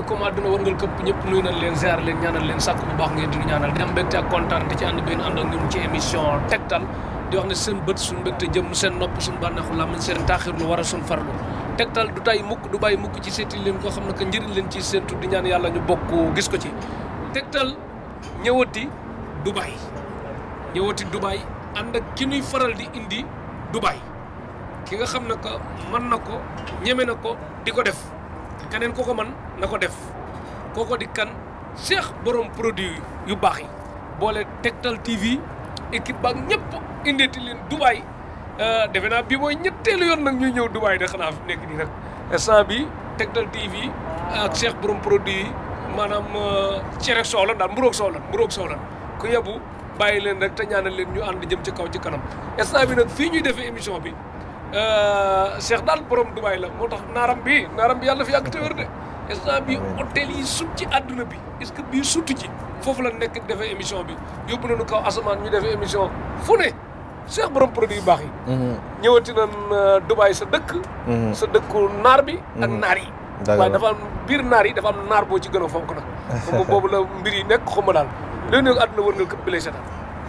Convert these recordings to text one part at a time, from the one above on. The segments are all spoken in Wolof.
ne comme àdduna war këpp ñëpp nuyu nañ leen ziar leen ñaanal leen sàkk bu baax ngeen di ñaanal di am mbégte ak kontaan di ci ànd benn ànd ak ñun ci émission tegtal di wax ne seen bët suñu mbégte jëm seen nopp suñu bànneexu làmmiñ seen taaxirlu war a suñu farlu tegtal du tay mukk du bàyyi mukk ci seeti leen koo xam ne que njëriñ leen ci seen tudd di ñaan yàlla ñu bokk gis ko ci tegtal ñëwati Dubaï ñëwati Dubaï ànd ak ki ñuy faral di indi Dubaï ki nga xam ne que na ko ñeme na ko di ko def keneen ku man mën na ko def kooko di kan Cheikh borom produit yu baax yi boole Tektal TV équipe ba ñëpp indeeti leen Dubaay euh, defe naa bi mooy ñetteelu yoon nag ñuy ñëw Dubaay de xanaa fi nekk nii nag instant bi Tektal TV ak Cheikh borom produit yi maanaam euh, cere soow la daal mburoog soow la mburoog soow la ku yebu bàyyi leen rek te ñaanal leen ñu ànd jëm ci kaw ci kanam instant bi nag fii ñuy defee émission bi. Euh, Cheikh daal borom Dubaay la moo tax naaram bi naaram bi yàlla fi yàgg te wér de instant bi hôtel yi sut ci àdduna bi est-ce que bii sutu ci foofu la nekk defee émission bi yóbbu nañu kaw asamaan ñu defee émission fu ne Cheikh borom produit yu baax yi mhm. ñëwati nan euh, Dubaay sa dëkk mhm. sa dëkku naar bi ak mhm. naar yi waaye dafa am biir naar yi dafa am naar boo ci gën a fonk nag boobu la mbir yi nekk xuma daal léegi nag àdduna wërngal këpp bi lay seetaan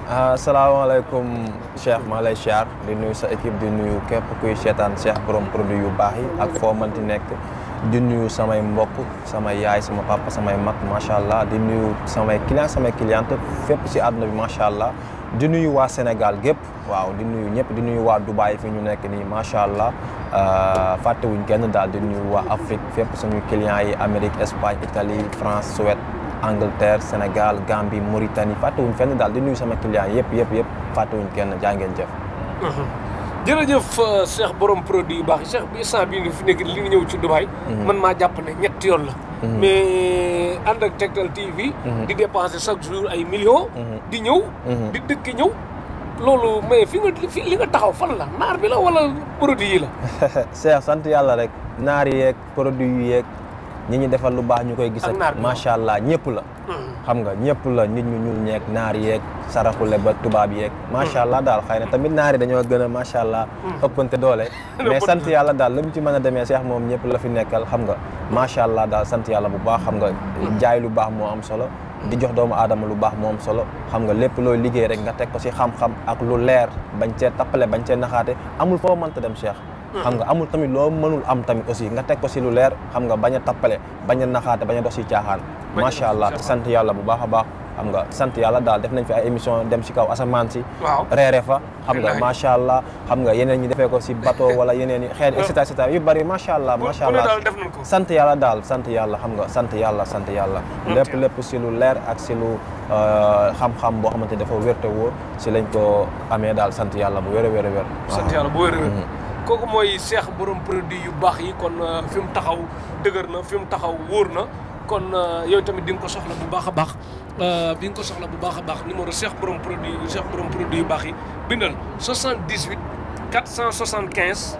Ah, asalaamaaleykum Cheikh maa lay siyaar di nuyu sa équipe di nuyu képp kuy seetaan Cheikh prom produit yu baax yi ak foo mënti nekk di nuyu samay mbokk sama yaay sama papa samay mag macha allah di nuyu samay client samay cliente fépp si àdduna bi macha allah di nuyu waa Sénégal gépp waaw di nuyu ñëpp di nuyu waa Dubaay fi ñu nekk nii macha allah ah, fàttewuñ kenn daal di nuyu waa Afrique fépp suñu clients yi Amérique Espagne Italie France Suède. Angleterre Sénégal Gambie Mauritanie fàttewuñ fenn daal di nuyu sama clients yëpp yëpp yëpp fàttewuñ kenn jaa ngeen jëf. Mhm. jërëjëf euh, Cheikh borom produit yu baax Cheikh bi instant fi nekk li ñëw ci Dubaay. Mhm. man maa jàpp ne ñetti yoon la. Mhm. mais euh, ànd ak Tektal TV. di dépenser chaque jour ay millions. di ñëw. di dëkk ñëw. loolu mais fi li nga taxaw fan la naar bi la wala produit yi la. Cheikh sant yàlla rek naar yeeg produit yi yeeg. ñi ñu defal lu baax ñu koy gis ak macha allah ñëpp la hmm. xam nga ñëpp la nit ñu ñuul ñeeg naar yeeg saraxule ba tubaab yeeg hmm. macha allah daal xay na tamit naari dañoo gën a macha allah hmm. ëppante doole mais sant yàlla daal lu mu ci mën a demee seex moom ñëpp la fi nekkal xam nga macha allah daal sant yàlla bu baax xam nga jaay lu baax moo am solo di jox doomu aadama lu baax moom solo xam nga lépp looy liggéey rek nga teg ko si xam-xam ak lu leer bañ cee tappale bañ cee naxaate amul foo mënta dem cheikh xam nga amul tamit loo mënul am tamit aussi nga teg ko si lu leer xam nga bañ a tappale bañ a naxaate bañ a dox si caaxaan macha allah sant yàlla bu baax a baax xam nga sant yàlla daal def nañ fi ay émission dem si kaw asamaan si reere fa xam nga macha allah xam nga yeneen ñi defee ko si bateau wala yeneen i xeet et cetera et cetera yu allah macha allah sant yàlla daal sant yàlla xam nga sant yàlla sant yàlla lépp lépp si lu leer ak si lu euh, xam-xam boo xamante dafa wérte wóor si lañ ko amee daal sant yàlla bu wér a sant yàlla bu wér a mhm. kooku mooy seex borom produit yu baax yi kon euh, fi mu taxaw dëgër na fi mu taxaw wóor na kon euh, yow tamit di nga ko soxla bu baax a baax euh, di nga ko soxla bu baax a baax numéro seex borom produit seex borom produit yu baax yi bindal 78 475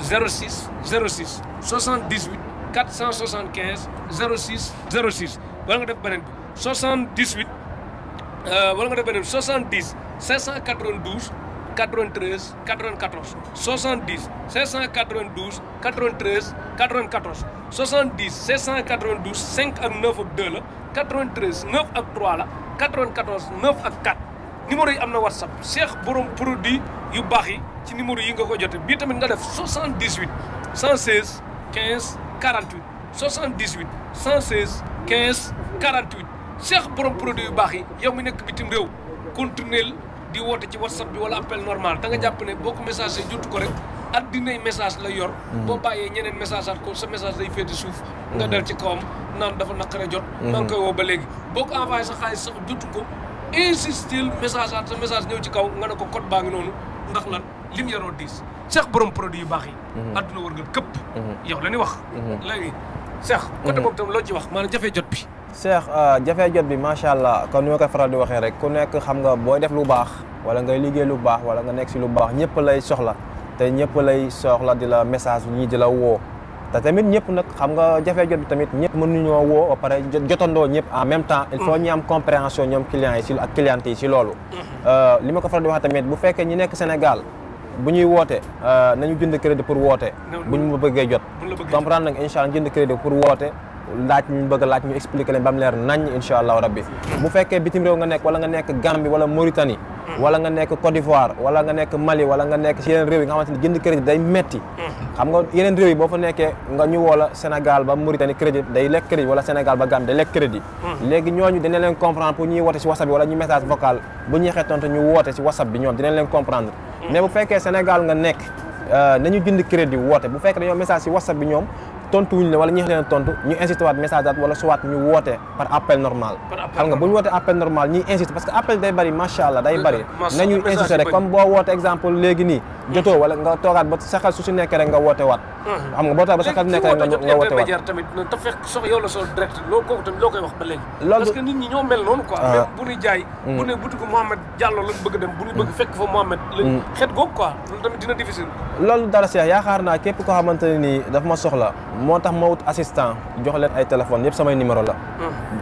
06 06 78 475 06 06 wala nga def beneen bi 78 wala nga def beneen bi 70 592 93 94 70 592 93 94 70 592 5 ak 9 ak 2 la 93 9 ak 3 la 94 9 ak 4 numéro yi am na whatsapp Cheikh borom produit yu baax yi ci numéro yi nga ko jote bii tamit nga def 78 116 15 48 78 116 15 48 Cheikh borom produit yu baax yi yow mi nekk bitim réew continuel di woote ci whatsapp bi wala appel normal da nga jàpp ne boo ko message jotu ko rek addinay message la yor. Mm. boo bàyyee ñeneen message at ko sa message day féete suuf. nga mm. dal ci kawam naan dafa naqare jot. Mm. maa koy woo ba léegi boo ko envoyé sa xaalis sax jotu ko insisté message at sa message ñëw ci kaw nga ne ko code baa ngi noonu ndax lan lim yaroo diis. seex borom produit yu baax yi. Mm-hmm. adduna wër nga këpp. Mm-hmm. yow la ñuy wax. Mm-hmm. léegi seex. côté boobu tam loo ci wax maanaam jafe jot bi. Cheikh euh, jafee jot bi macha allah kon ni ma ko faral di waxee rek ku nekk xam nga booy def lu baax wala ngay liggéey lu baax wala nga nekk si lu baax ñëpp lay soxla te ñëpp lay soxla di la message ñii di la woo te tamit ñëpp nag xam nga jafee jot bi tamit ñëpp mënuñoo woo ba pare jotandoo ñëpp en même temps il faut ñu am compréhension ñoom clients yi si yi si loolu mm-hmm. euh, li ma ko faral di wax tamit bu fekkee ñi nekk Sénégal bu ñuy woote euh, nañu jënd crédit pour woote buñ ma bëggee jot comprendre nga incha allah jënd crédit pour woote laaj ñu bëgg a laaj ñu expliquer leen ba mu leer nañ incha allahu rabbi bu fekkee bitim réew nga nekk wala nga nekk Gambie wala Mauritanie wala nga nekk Côte d'Ivoire wala nga nekk Mali wala nga nekk si yeneen réew yi nga xamante ni jënd crédit nga yeneen réew boo fa nekkee nga ñu woola Sénégal ba Mauritanie crédit day lekk crédit wala Sénégal ba Gambie day lekk crédit léegi ñooñu dina leen comprendre pour ñuy woote si WhatsApp bi wala ñu message vocal bu ñuy xetonte ñu woote si WhatsApp bi ñoom dinañ leen comprendre mais bu fekkee Sénégal nga nekk euh, nañu jënd crédit woote bu fekkee dañoo message si WhatsApp bi ñoom tontu wuñ la wala ñeex leen tontu ñu insisté waat message at wala soit ñu woote par appel normal xam nga bu ñu wootee appel normal ñuy insisté parce que appel day bëri macha allah day bëri nañuy insisté rek comme boo woote exemple léegi nii jotoo wala nga toogaat ba saxal su si nekk rek nga woote waat hmm. xam nga boo toogaat ba saxal su nekk rek nga woote waat tamit te la sol direct loo kooku tamit loo koy wax ba léegi loolu parce que nit ñi ñoo mel noonu quoi ah. même bu ñuy jaay hmm. bu ne boutique Mohamed Diallo lañ bëgg dem bu ñu bëgg hmm. fekk fa Mohamed lañ xet googu quoi loolu tamit dina difficile loolu dara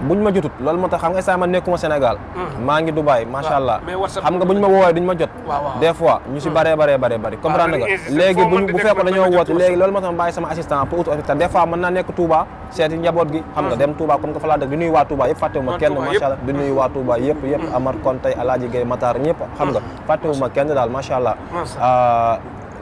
buñ ma jotut loolu moo tax xam nga instant ma nekkuma Sénégal maa ngi Dubaï macha allah xam nga buñ ma woowee duñ ma jot des ñu si baree baree bare bëree bëri ah, comprendre nga bu bu fekkoon dañoo woote léegi loolu moo tax ma sama assistant pour ut assistant des fois mën naa nekk Touba seeti njaboot gi xam nga ah. dem Touba comme que fa laa dëkk du nuyu waa Touba yëpp fàttewuma ah, kenn macha allah du waa Touba yëpp yëpp Amar Konte Alaaji Gay Matar ñëpp xam nga fàttewuma kenn daal macha allah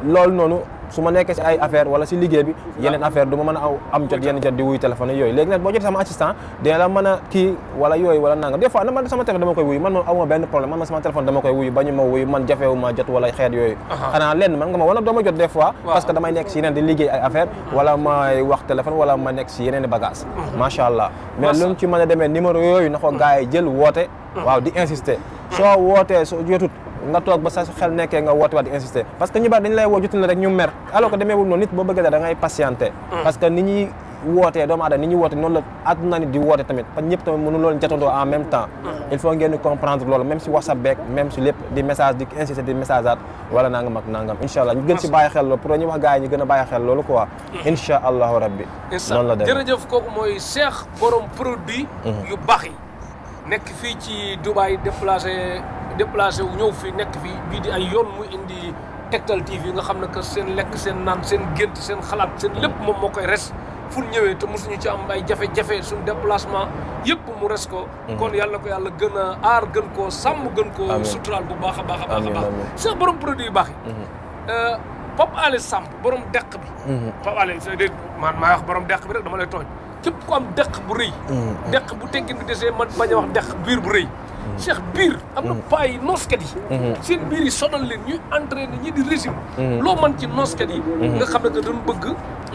loolu noonu su ma nekkee si ay affaire wala si liggéey bi yeneen affaire du ma mën a aw am jot yenn jot di wuy téléphone yooyu léegi nag boo jotee sama assistant dina la mën a kii wala yooyu wala nangam des fois man sama téléphone dama koy wuyu man moom man ma sama jot wala xeet yooyu xanaa lenn man nga ma wala dama jot des parce que damay nekk si yeneen di liggéey ay affaire wala may wax téléphone wala ma nekk si yeneen i bagage allah a demee numéro yooyu na ko gars yi jël woote soo nga toog ba sa xel nekkee nga woote waat insister parce que ñu bari dañu lay woo jotul na rek ñu mer alors que demeewul noonu mm. noonu la àdduna nit di woote tamit parce tamit mënu loolu jatandoo en même temps mm. il faut ngeen comprendre loolu même si whatsapp beeg même si lépp di message di insister di message aat wala nangam ak nangam insha allah ñu gën si bàyyi xel loolu pour ñu wax gars yi ñu gën a bàyyi xel loolu quoi mm. insha allahu rabbi noonu la demee nekk fii ci Dubaay déplacé déplacé wu ñëw fii nekk fii bii di ay yoon mu indi Tektal TV nga xam ne que seen lekk seen naan seen gént seen xalaat seen lépp moom moo koy res fu ñëwee te mosuñu ci am ay jafe-jafe suñu déplacement yëpp mu res ko. Mhm. kon yàlla ko yàlla gën a aar gën koo sàmm gën koo. suturaal bu baax a baax a baax a baax. sa borom produit yu baax yi. Mhm. Euh, Pape Alé borom deq bi. Mhm. Pape Alé c'est man maa wax borom deq bi rek dama lay tooñ. képp ku am dëkk bu rëy. Mm-hmm. dëkk bu teggin bi man bañ a wax dëkk biir bu rëy. Mm-hmm. cheikh biir am na mm-hmm. paa yi nooskat yi. seen biir yi sonal leen ñuy entraîné ñi di régime. loo man ci nooskat yi. nga xam ne que dañu bëgg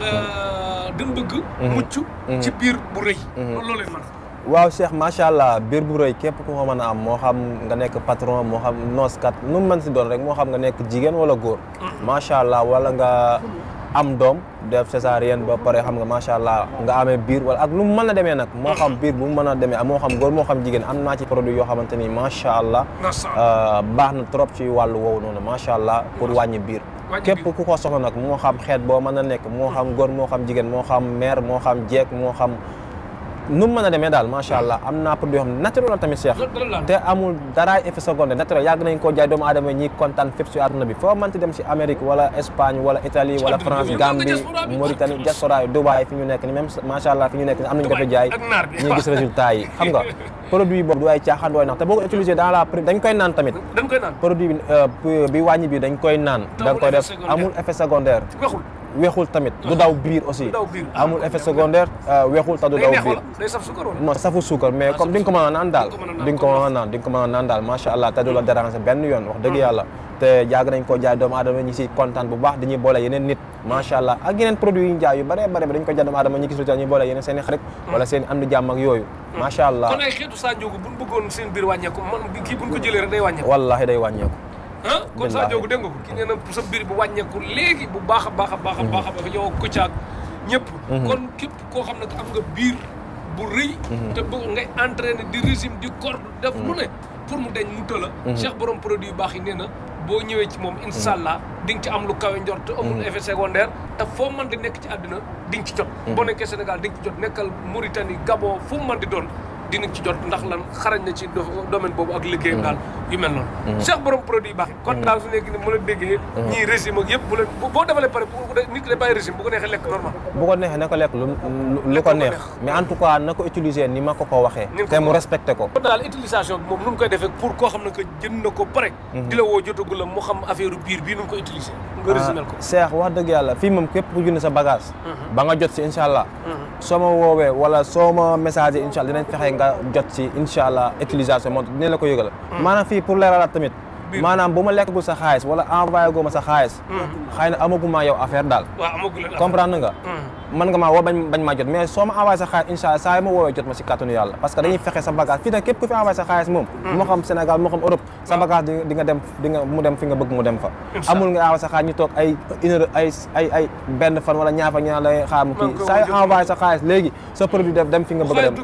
euh, mucc ci biir bu rëy. loolu loo waaw cheikh macha allah biir bu rëy képp ku ko mën a am moo xam nga nekk patron moo xam nooskat nu mu mën si doon rek moo xam nga nekk jigéen wala góor. macha allah wala nga. am doom def césarienne ba pare xam nga macha allah nga amee biir wala ak lu mu mën a demee nag. moo xam biir bu mu mën a demee moo xam góor moo xam jigéen am naa ci produit yoo xamante ni macha allah. Euh, baax na trop ci wàll woowu noonu macha allah pour wàññi biir. képp ku ko soxla nag moo xam xeet boo mën a nekk moo xam góor moo xam jigéen moo xam mère moo xam jeeg moo xam. nu mu mën a demee daal macha allah am naa produit yoo xam ne naturel tamit Cheikh te amul daraay effet secondaire naturel yàgg nañ ko jaay doomu aadama ñi kontaan fépp si àdduna bi foo mënti dem si Amérique wala Espagne wala Italie wala France Gambie Mauritanie diaspora Dubaï fi ñu nekk ni même macha allah fi ñu nekk ni am nañu ko fa jaay ñuy gis résultat yi xam nga produit boobu du ay caaxaan du ay nax te boo ko utilisé dans la dañ koy naan tamit produit bi euh, bi dañ koy naan da nga def amul effet secondaire weexul tamit du daw biir aussi amul effet secondaire euh, weexul ta du daw biir non safu suukar mais comme di nga ko mën a naan daal di a naan a naan daal macha allah te du la mm. déranger benn yoon wax dëgg mm. yàlla te yàgg nañ koo jaay doomu aadama ñi si kontaan bu baax dañuy boole yeneen nit macha allah ak yeneen produit yi ñu jaay yu bare bare dañ ko jaay doomu aadama ñi gis ñu boole yeneen seen i xarit mm. wala seen am di jàmm yooyu macha allah kon ay xeetu Sadio bu seen biir wàññeeku man kii bu ñu day wàññeeku ah kon Sadio dégg nga ko ki nee na sa mbir bu wàññeeku léegi bu baax a baax a baax mm-hmm. baax a baax yow ko caag ñëpp mm-hmm. kon képp koo xam ne am nga biir bu rëy mm-hmm. te bëgg ngay entraîner di régime di corps def lu ne pour mu deñ mu tëla Cheikh borom produit yu baax yi nee na boo ñëwee ci moom incha allah di nga ci am lu kawe njort te amul effet secondaire te foo mën di nekk ci àddina di nga ci jot boo nekkee Sénégal di nga ci jot nekkal Mauritanie Gabon fu mu mën di doon dina ci jot ndax lan xarañ na ci domaine boobu ak liggéeyam mm. daal yu mel noonu mm. Cheikh borom produit baax mm. kon daal su nekk ni mu ko neexee lekk normal na ko lekk lu ko neex mais en tout cas na ko utiliser ni ma ko ko waxee te mu respecté ko kon daal utilisation bi moom nu mu koy defee pour koo xam ne que jënd na ko pare mm-hmm. di la woo jotagul la mu xam affaire biir bii nu mu ko utiliser seex ah, wax dëgg yàlla fii moom képp ku junne sa bagage mhm. ba nga jot si incha allah mhm. soo ma woowee wala soo ma message incha allah dinañ fexe nga jot si incha allah utilisation moo dinañ la ko yëgal mhm. maanaam fii pour leeralaat tamit maanaam bu ma lekkagul sa xaalis wala envoyé goo ma sa xaalis hmm. xëy na amaguma yow affaire daal comprendre nga man hmm. nga maa woo bañ bañ maa jot mais soo ma envoyé sa xaalis incha allah ma woowee jot ma si kàttanu yàlla parce que dañuy fexe sa bagage fii nag képp ku fi envoyé hmm. ah. nga dem di nga mu dem fi nga bëgg mu dem fa amul nga envoyé sa xaalis ay ay ay ay benn fan wala ñaar fan la xaar mu kii saa sa xaalis léegi sa produit def fi nga bëgg dem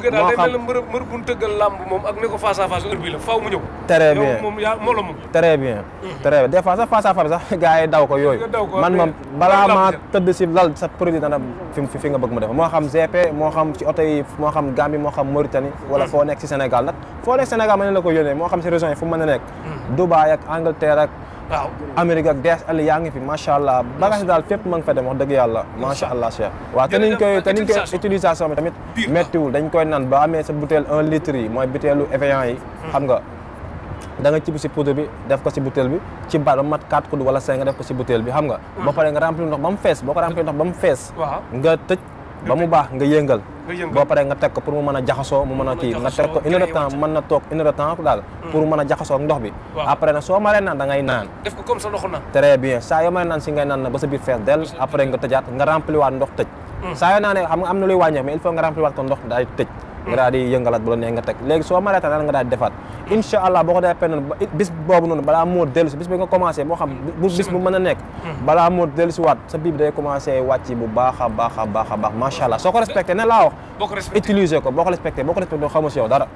moo moom ak ne ko face à face heure bi la mu ñëw très tere bien mm-hmm. très bien des fois sax face à face sax gars yi daw ko yooyu man moom balaa maa tëdd si lal sa produit dana fi fi nga bëgg mu def moo xam GP moo xam ci moo xam Gambie moo xam Mauritanie wala mm-hmm. foo nekk si Sénégal nag foo nekk Sénégal ma na la ko yónnee moo xam si région yi fu mën a nekk mm-hmm. Dubaï ak Angleterre ak waaw Amérique ak DSL yaa ngi fi macha allah bagage daal fépp ma ngi fa dem wax dëgg yàlla macha allah Cheikh waaw te niñ koy koy utilisation bi tamit méttiwul dañ koy naan ba amee sa butéel un litre yi mooy butéelu yi xam nga da nga si poudre bi def ko si butéel bi ci baat ba mat 4 kudd wala 5 nga def ko si butéel bi xam nga ah. ba pare nga remplir ndox ba mu fees boo ko remplir ndox nga tëj ba mu baax nga yëngal boo paree nga a jaxasoo mu mën a kii nga teg ko une heure hmm. a jaxasoo ndox bi après nag soo maree naan da ngay naan def sa ndoxu naan très bien saa yoo maree naan si na ba sa biir fees dell après nga tëjaat nga remplir waat ndox tëj hmm. saa yoo naanee xam nga am na luy wàññeeku mais il faut nga remplir waat ko ndox daal di tëj hmm. nga daal yëngalaat bu la nga teg léegi soo maree naan nga daal di defaat incha allah boo ko noonu ba bis boobu noonu balaa moo si bis bi nga commencé bu bis bu mën nekk hmm. balaa moo si waat sa biib day commencé wàcc bu baax a baax a baax a baax ko respecté ne laa wax utiliser ko boo ko respecté boo ko respecté doo dara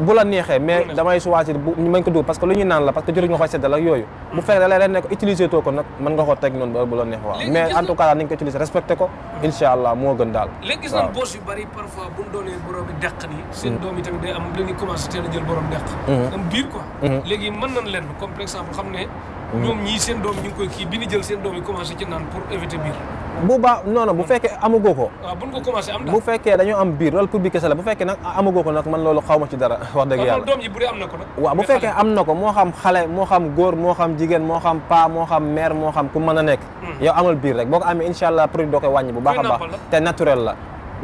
bu la neexee mais damay choisir bu mañ ko dugg parce que lu ñu naan la parce que jëriñ nga koy seddal ak yooyu bu hmm. fekkee da lay leen ne ko utiliser ko nag mën nga ko teg noonu ba bu la neexee waaw mais en tout cas daal nañ ko utiliser respecté ko hmm. incha allah moo gën daal léegi gis nañ yu bari parfois bu ñu doonee borom bi deq nii seen hmm. doom yi tamit day am dañuy commencé teel a jël borom deq am biir quoi léegi mën nañ leen comme par exemple ñoom ñii seen kii bi ñu jël seen doom yi commencé ci naan bu baax non bu fekkee amagoo ko. Ah, bu ñu ko commencé am bu fekkee dañoo am biir loolu pour bi kese la bu fekkee nag amagoo ko nag man loolu xaw ma ci dara. wax dëgg yàlla doom bu am na ko nag. bu fekkee am na ko moo xam xale moo xam góor moo xam jigéen moo xam paa moo xam meer moo xam ku mën a nekk. Hmm. yow amal biir rek boo ko amee incha allah produit doo koy wàññi bu baax a baax te naturel la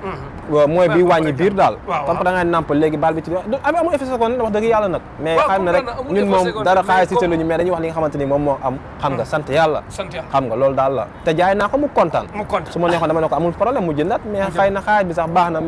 Mm-hmm. waaw mooy bi wàññi biir daal parce que da ngay nàmpal baal bi ci am ah, amul effet secondaire wax dëgg yàlla nag mais xam na rek ñun moom dara xaalis si tëluñu mais dañuy wax li nga xamante ni moom moo am xam nga mm-hmm. sant yàlla xam nga loolu daal la te jaay naa ko mu kontaan su ma neexoon dama ne ko problème mu jëndaat mais xëy na xaalis bi baax na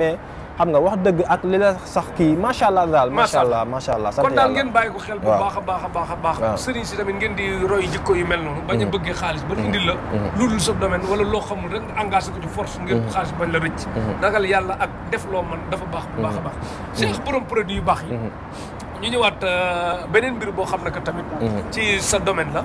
xam nga wax dëgg ak li sax kii macha allah daal. macha allah macha allah sant yàlla kon daal ngeen bàyyi ko xel. bu baax a baax baax a baax. waaw si tamit ngeen di roy jikko yu mel noonu. bañ a mm. bëggee xaalis ba mm. indil la. Mm. lu dul sa domaine wala loo xamul rek engagé ko ci force. ngeen ko xaalis bañ la rëcc. ragal yàlla ak def loo mën dafa baax bu baax a baax. Cheikh borom produit yu baax yi. ñu ñëwaat euh, beneen mbir boo xam ne que tamit. ci sa domaine la.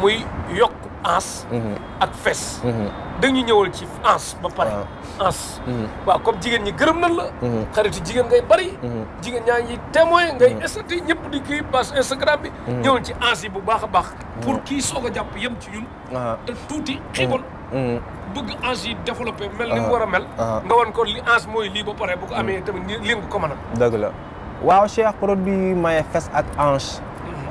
muy yokk. ans. Mm-hmm. ak fes. Mm-hmm. dañu ñëwal ci ans ba pare. ans ah. mm-hmm. waaw comme jigéen ñi gërëm nan la. xaritu jigéen ngay bari. jigéen ñaa ngi témoin ngay ñëpp di kii pass Instagram bi. ñëwal ci ans bu baax a baax. pour kii soog a jàpp yem ci ñun. Ah. te tuuti xiibon. bëgg ans yi développé mel ni ah. mu war a mel. nga wan ko li ans mooy lii ba pare bu ko amee tamit li nga ko dëgg la waaw Cheikh produit maye fes ak ange.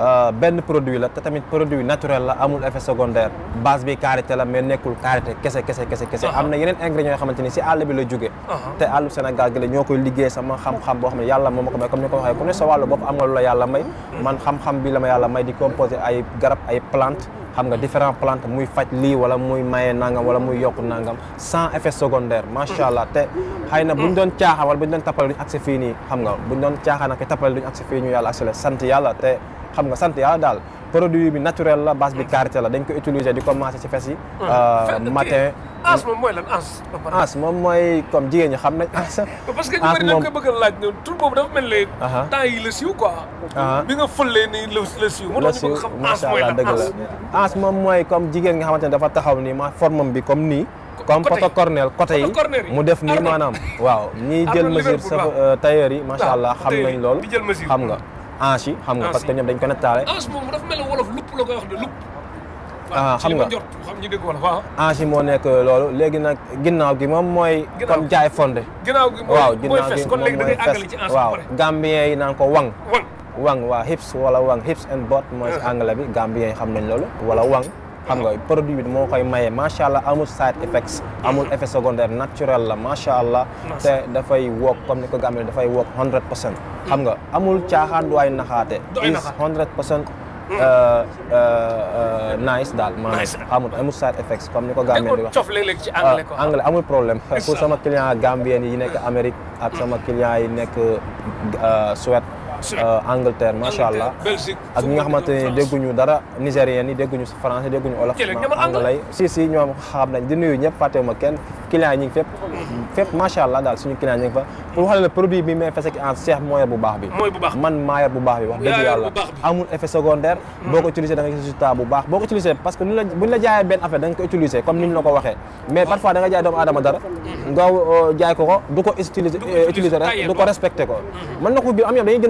Euh, benn produit la te tamit produit naturel la amul effet secondaire base bi karité la mais nekkul karité kese kese kese kese uh-huh. am na yeneen engrais yoo xamante ni si àll bi la jóge uh-huh. te àllu Sénégal gi la ñoo koy liggéey sama xam-xam boo xam ne yàlla moo ma ko may comme ni ko waxee ku ne sa wàllu bopp am nga lu la yàlla may uh-huh. man xam-xam bi la ma yàlla may di composé ay garab ay plante xam nga différent plantes muy faj lii wala muy maye nangam wala muy yokk nangam sans effet secondaire macha allah te xëy na buñ doon caaxaan wala buñ doon tappale duñ agsi fii nii xam nga buñ doon caaxaan ak tappale duñ agsi fii ñu yàlla agsi la sant yàlla te xam nga sant yàlla daal produit bi naturel la base bi karité la dañ ko utiliser di commencé ci fes yi. Ah, euh, matin ans moom mooy lan jigéen ñi xam nañ ans. parce que ñu bari dañ a dafa moom mooy comme jigéen nga xamante ne dafa taxaw nii ma formam bi comme nii. comme poto cornel côté yi mu def nii maanaam. waaw ñii euh, jël mesure sa tailleur yi macha allah xam nañ loolu. xam nga. ange ah, yi xam nga ah, parce que ñoom dañ ko nettaale. ange ah, moom xam nga moo nekk loolu léegi nag ginnaaw gi moom mooy. comme jaay fonde. ginnaaw gi mooy waaw gambien yi naan ko wang. wang waa hips wala wang hips and butt mooy si anglais bi gambien yi xam nañ loolu wala wang. xam nga produit moo koy maye macha allah amul side effects amul effet secondaire naturel la macha allah dafay wook comme ni ko gàmmale dafay wook 100 pour xam nga amul caaxaan du ay naxaate is 100 pour cent nice daal maanaam amul amul side effects comme ni ko gambien di wax cof léeg-léeg ci anglais quoi ah, anglais amul problème pour sama client gambien yi nekk Amérique ak sama client yi nekk euh, Suède Euh, Angleterre macha allah ak nga xamante ne dégguñu dara nigériens yi dégguñu français dégguñu olof anglais si si ñoom xam nañ di nuyu ñëpp fàttewuma kenn client yi ñu ngi allah daal suñu client ñu fa pour wax la produit bi mais fekk secondaire hmm. boo ko utilisé da nga résultat bu baax boo ko utilisé parce que bu ñu la benn affaire da nga ko utilisé comme ni ñu la ko waxee mais hmm. parfois da nga jaay doomu aadama dara hmm. nga euh, jaay ko ko du ko utilisé rek du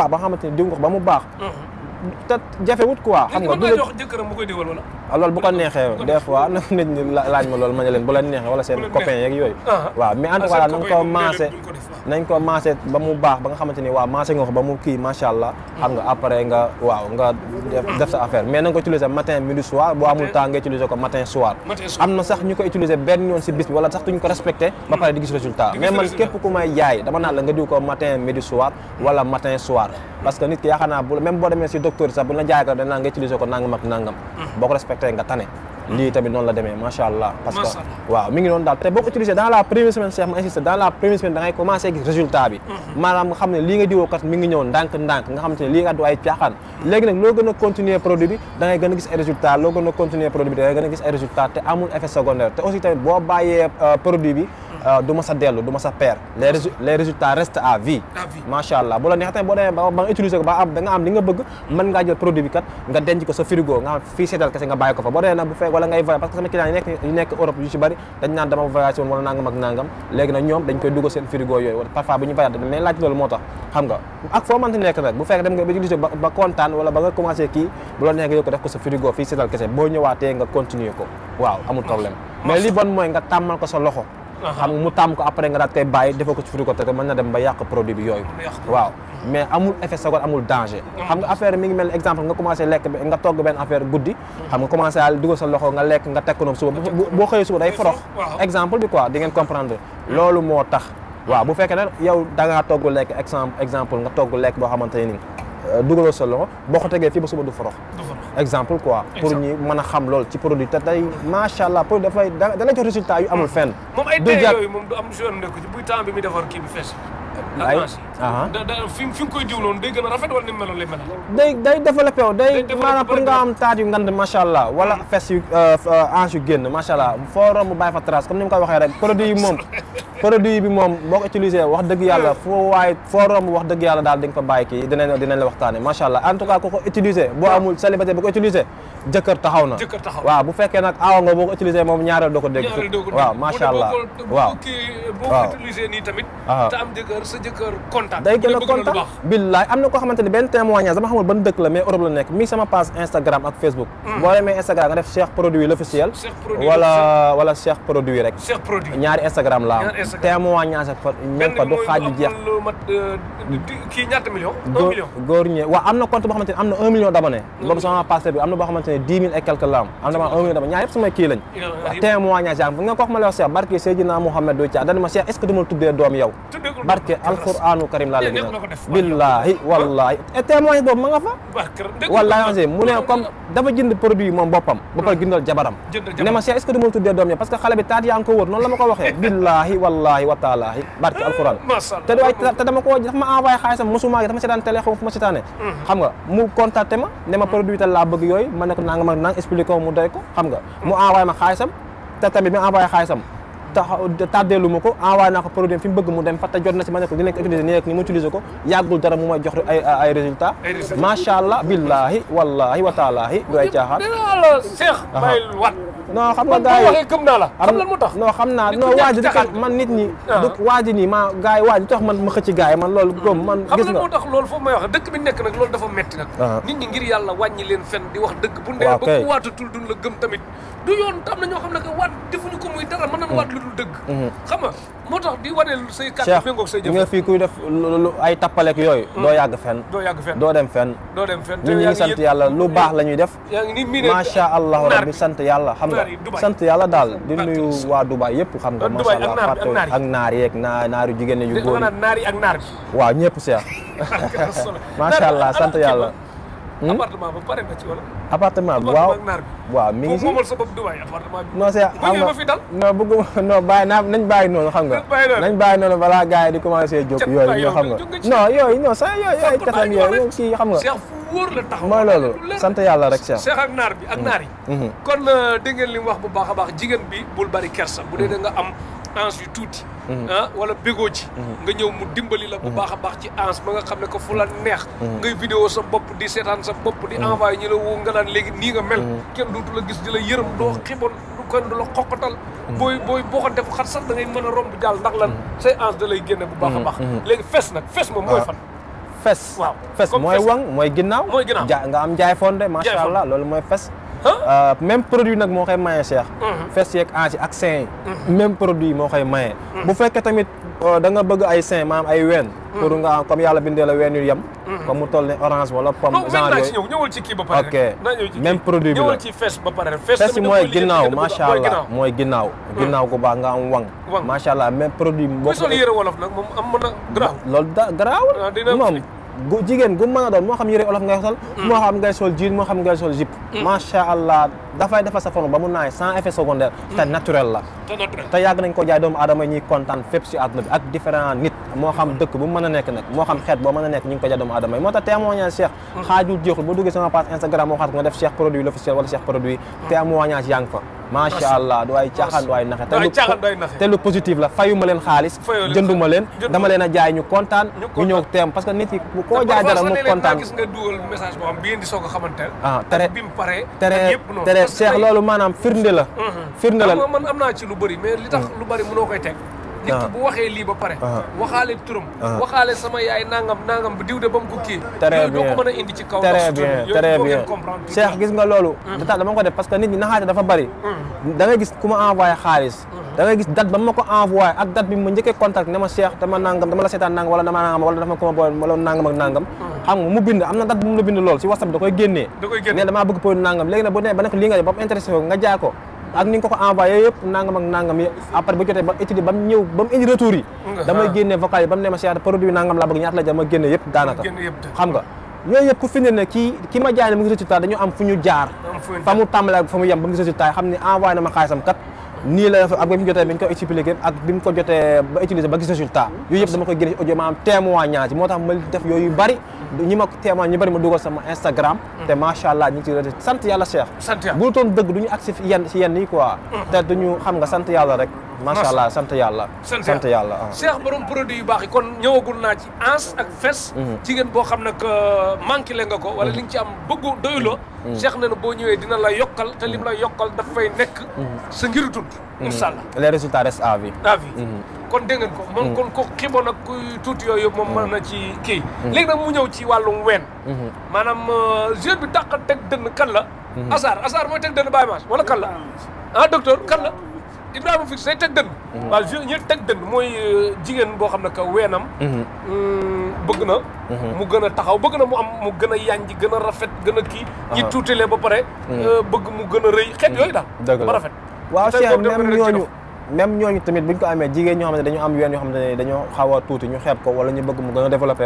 baax ba xamante ne diw nga ko ba mu baax mm-hmm. te jafewut quoi. xam nga du ah, bu ko neexee des fois am na nit ñi laaj ma loolu ma ne leen bu la neexee wala seen copain yooyu. waaw mais en ah, tout cas nañ ko ko maase ba mu baax ba nga xamante ni waaw maase nga ko ba mu kii macha allah. xam nga après nga waaw nga def sa affaire mais na nga ko utiliser matin midi soir boo amul temps nga utiliser ko matin soir. am na sax ñu ko utiliser benn yoon si bis bi sax duñ ko respecté. ba pare di gis résultat mais docteur yi sax bu la jaay ko nga utiliser ko nangam ak nangam mm-hmm. boo ko respecté nga tane mm-hmm. lii tamit noonu la demee macha allah parce que waaw mi ngi noonu daal te boo ko utilisé dans la première semaine seex ma insisté dans la première semaine da commencé gis résultat bi mm-hmm. maanaam nga xam ne lii nga diwoo kat mi ngi ñëw ndànk-ndànk nga xam ne lii nga ay caaxaan léegi nag loo gën a continuer produit bi da gën a gis ay résultat loo gën a continuer Euh, du ma sa dellu du ma sa père les les résultats restent à vie macha allah bu neexee tamit boo demee ba nga utiliser ko ba am da nga am li nga bëgg mën ngaa jël produit bi kat nga denc ko sa am fii seetal kese nga bàyyi ko fa boo demee nekk yu nekk Europe yu ci bari dañ naan dama voyage woon wala nangam ak nga ak ko def ko sa frigo fii seetal kese boo ñëwaatee problème mais li bon mooy nga tàmmal ko sa loxo Uh-huh. xam mu tàmm ko après nga daat koy bàyyi defoo ko ci frigo te mën na dem ba yàq produit bi yooyu waaw mais amul effet secondaire amul danger uh-huh. xam nga affaire mi ngi mel exemple nga commencé lekk nga togg benn affaire guddi uh-huh. xam nga commencé al sa loxo nga lekk nga tekk noonu suba boo xëyee suba day forox exemple bi quoi di comprendre loolu moo tax waaw bu fekkee ne yow da ngaa lekk exemple nga togg lekk boo xamante dugaloo sa loxo boo ko tegee fii ba suba du forox exemple quoi pour ñu mën a xam lool ci produit te tey allah pour dafay da lay jox résultat yu amul fenn Ah, ah, uh-huh. day gën a rafet wala ni mu meloon lay melal. day day développé wu day. maanaam pour nga am taat yu ngand macha allah. wala hmm. fes yu uh, uh, yu génn macha allah foo romb bàyyi fa trace comme ni ma koy waxee rek produit yi bi moom boo ko utilisé wax dëgg yàlla hmm. foo waaye foo romb wax dëgg yàlla daal di nga ko bàyyi kii dinañ la waxtaane macha allah en tout cas ko utilisé. boo hmm. amul célibataire bu ko utilisé. jëkkër taxaw na jëkkër taxaw waaw bu fekkee nag aawa nga boo ko utilisé moom ñaareel doo ko dégg. waaw macha allah waaw waaw sa jëkkër kontaan day gën a kontaan billaay am na koo xamante ni benn témoignage dama xamul ban dëkk la mais Europe la nekk mi sama page Instagram ak Facebook hmm. boo kii ñaata million un sama ne dix mille et quelques la am am na ma un kii lañ nga ko wax wax Cheikh barke Seydina Mouhamed do ci dana ma Cheikh est-ce que du doom yow barke alquranu karim laa la billaahi wallaahi et témoin boobu ma nga fa wallaahi mu ne comme dafa jënd produit moom boppam ba pare hmm. jabaram ne ma Cheikh est-ce que du doom ya parce que xale bi taat yaa ngi ko wër noonu la ma ko waxee billaahi wallaahi wa taalaahi barke alquran te waaye te dama ko dafa ma envoyé xaalisam mosuma gi dafa ma seetaan télé fu ma seetaane hmm. xam nga mu contacté ma ne ma hmm. produit tal laa bëgg yooyu ma ne ko nanga ma taxaw tardelu ma ko envoyé naa ko produit fi mu bëgg mu dem fa te jot na si ma ne ko dinañ ko utiliser nii rek ni ma utiliser ko yàggul dara mu may jox ay ay résultat billahi wallahi wa taalaahi du ay caaxaan dinaa la seex bayil la xam lan mu tax non xam naa non waa ji man nit ñi ah. du waa ji nii ma xëcc gars yi man loolu gëm man mm. gis nga xam nga moo tax loolu foofu may wax dëkk bi nekk nag loolu dafa metti nag ah. nit ñi ngir yàlla wàññi leen fen di wax dëgg bu la gëm tamit du yoon tam na ñoo xam ne que waat defuñu ko muy dara mën nañ mm. waat lu dul dëgg. Mhm. xam nga fii kuy def lu ay tappalek yooyu. Mhm. doo yàgg fenn. doo yàgg fenn doo dem fenn. doo dem ñu ngi sant yàlla lu baax la ñuy def. yaa ngi rabbi sant yàlla xam nga sant yàlla daal di nuyu waa Dubaay yëpp xam nga macha allah fàttewul ak naar yeeg naa naaru jigéen ñi góor yi. naar ak naar bi. waaw ñëpp sant yàlla Hmm? appartement ba pare nga ci bi waaw waaw mi ngi sa bopp Dubaay appartement bi. non c' est xam nga non bëgguma non bàyyi naa nañ bàyyi noonu xam nga. nañ bàyyi noonu balaa gars yi di commencé jóg yooyu ñoo nga. non yooyu non sa yooyu ay katam yooyu kii xam nga. Cheikh fu wóor la taxaw mooy loolu sant yàlla rek Cheikh. Cheikh ak naar bi ak hmm. naar hmm. kon euh, dégg li mu bu baax a baax bi bul bari kersa bu dee da am ans yu tuuti mhm. ah wala bégoo ci mhm. nga ñëw mu dimbali la bu mhm. baax a baax ci ans ba nga xam ne ko fu la neex ngay vidéo sa bopp di seetaan sa bopp di envoyé ñu la woo nga naan léegi nii nga mel kenn dootu la gis di la yërëm doo xiboon du kenn du la xoqatal booy booy boo ko def xat sax da ngay man a romb jàll ndax lan say ans da lay génne bu baax a baax léegi fes nag fes moom mooy ah. fan fes waaw fes mooy wang mooy ginnaaw mooy ginnaaw nga am jaay fonde macha allah loolu mooy fes Euh, même produit nag moo koy maye Cheikh. Mhm. fes yeeg ansi ak sein yi. Mhm. même produit moo koy maye. Mhm. bu fekkee tamit euh, da nga bëgg ay sein maam ay ween. pour nga comme yàlla bindee la ween yu yem. comme mu tol ne orange wala pomme. genre yooyu kii ba pare ok même produit bi la fes ba pare fes yi mooy ginnaaw macha allah mooy ginnaaw. ginnaaw gu baax nga am wang. macha allah même produit. boo ko sol yére wolof nag moom am mën a garaaw. loolu da garaawul ah, moom. gu jigéen gu mën a doon moo xam yëre olof ngay sol mm. moo xam ngay sol jiin moo xam ngay sol jip mm. macha allah daf lay defal sa forme ba mu naay sans effet secondaire. te hmm. naturel la. te yàgg nañ ko jaay doomu aadama ñuy kontaan fépp si àdduna bi moo xam hmm. dëkk bu mu mën a nekk nag moo xam xeet boo mën a nekk ñu ko jaay doomu aadama yi hmm. la fayu ma a jaay ñu kontaan ñu ñëw teem parce ah, tere mais Cheikh loolu maanaam firnde la firnde la man am naa ci lu bëri mais li tax lu bëri mënoo koy teg nit ah. ki bu waxee lii ba pare ah. waxaale turam ah. waxaale sama yaay nangam nangam bu diw de ba mu ko kii très bien doo hmm. dafa bari hmm. da gis ku ma xaalis hmm. da gis date ba ma ko envoyé ak date bi ma njëkkee contact ne ma seetaan nangam wala dama nangam wala nangam ak nangam xam mu bind am na date bu mu la bind lool si WhatsApp da koy génnee ne damaa bëgg po nangam léegi ne ba nekk lii nga ba ak ni nga ko ko envoyé yëpp nangam ak nangam yi après bu jotee ba étudier ba mu ñëw ba mu indi retour yi damay génne vocal yi ba mu ne ma siyaata produit nangam laa bëgg ñaata la dama génne yëpp ne ki ma jaay ne jaar fa mu tàmbalee ak fa mu yem ba mu ngi résultat yi xam ne envoyé na ma xaalisam kat nii la ak bi hmm. yooyu yëpp dama koy génne ci moo tax ma def yooyu bari ñi ma témoigne ñu bëri ma dugal sama Instagram mm. te macha allah sant yàlla Cheikh bu doon dëgg du ñu agsi si yenn yi quoi mm. te duñu xam nga sant yàlla rek macha allah sant yàlla sant yàlla produit yu baax kon ñëwagul naa ans ak fes mm-hmm. jigéen boo xam na que euh, manqué le nga ko wala mm-hmm. li nga ci am bëggu doyuloo mm-hmm. Cheikh ne na boo ñëwee dina la yokkal te lim la yokkal dafay nekk sa ngir tudd incha allah les résultats kon dégg ngeen ko. moom mm. kon ko xiboon ak kuy tuuti yooyu moom mën na ci kii. Mm. léegi nag mu ñëw ci wàllum ween. Mm-hmm. maanaam euh, jeune bi dàq teg dënn kan la. Mm-hmm. Asaar Asaar mooy teg dënn Baye Mass wala kan la ah docteur kan la. Ibrahima Fix say teg dënn. Mm-hmm. waaw je ñu teg dënn mooy euh, jigéen boo xam ne que weenam. Mm, bëgg na. mu gën a taxaw bëgg na mu am mu gën a yànji gën a rafet gën a kii. tuuti ah. tuutale ba pare. Euh, bëgg mu gën a rëy xeet yooyu daal. ba rafet. waaw Cheikh même ñooñu même ñooñu tamit buñ ko amee jigéen ñoo xam ne dañu am ween yoo xam ne dañoo xaw tuuti ñu xeeb ko wala ñu bëgg mu gën a développé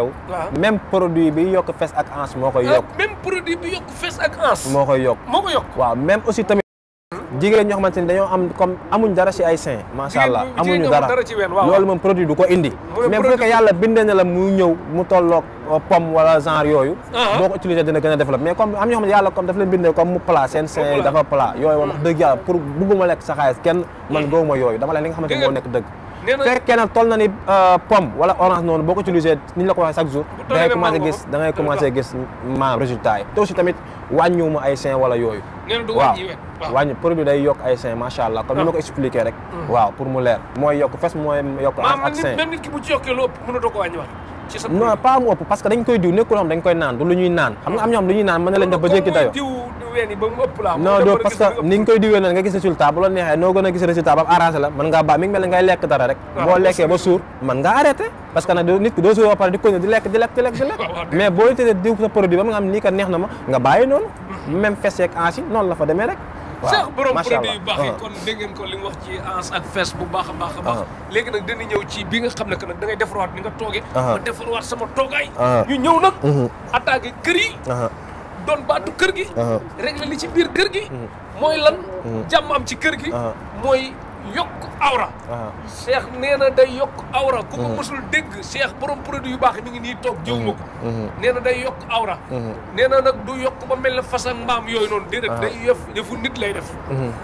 produit bi yokk fes ak ans moo koy ah, yokk même produit bi yokk fes ak ans moo koy yokk moo koy yokk waaw même aussi tamit jigéen ñoo xamante ni dañoo am comme amuñ dara ci ay sein macha allah amuñu dara loolu moom produit du ko indi mais bu fekkee yàlla bindee na la mu ñëw mu tolloog euh, pomme wala genre yooyu uh-huh. boo ko utilisé dina gën a développé mais comme am ñoo xam ne yàlla comme daf leen bindee comme mu plat seen sein yi dafa plat yooyu wax dëgg yàlla pour bugguma lekk sa kenn man hmm. goowuma yooyu dama leen li nga xamante ni moo nekk dëgg fekkee nag toll na ni euh, pomme wala orange noonu boo ko utilisé ni ñu la ko waxee chaque jour da ngay commencé gis da ngay commencé gis maanaam résultat yi te aussi tamit ay sain wala yooyu waaw wàññi produit day yokk ay sain macha allah comme ni ko ah. expliqué rek mm. waaw pour mu leer mooy yokk fes mooy yokk ak sain même nit ki bu ci yokkee lu ëpp mënatoo ko wàññiwaat non pas mu ëpp parce koy diw nekkul xam dañ koy naan du lu ñuy naan xam am ñoo xam lu ñuy naan mën na leen def ba jéggi dayo ween yi ba mu ëpp laa non do nga koy diwee nga mel ngay lekk dara rek ah, boo lekkee ba suur mën ngaa arrêté parce que nit ki doo suur ba di continuer di di lekk di lekk di lekk mais boo utee diw sa produit ba nga xam nii kat neex na ma nga bàyyi noonu hmm. même fes yeeg ange noonu la fa demee rek waaw borom produit ah. ah. nga xam ne que nag sama toogaay ñu ñëw nag mm-hmm. attaqué kër yi doon baatu kër gi. régler li ci biir kër gi. mooy lan. jàmmam ci kër gi. mooy yokk awra. cheikh nee na day yokk awra. ku ko mësul dégg cheikh borom produit yu baax mi ngi nii toog jëwuma ko. nee na day yokk awra. nee na nag du yokk ba mel ne fasan ak mbaam yooyu noonu. déedéet day yëf yëfu nit lay def.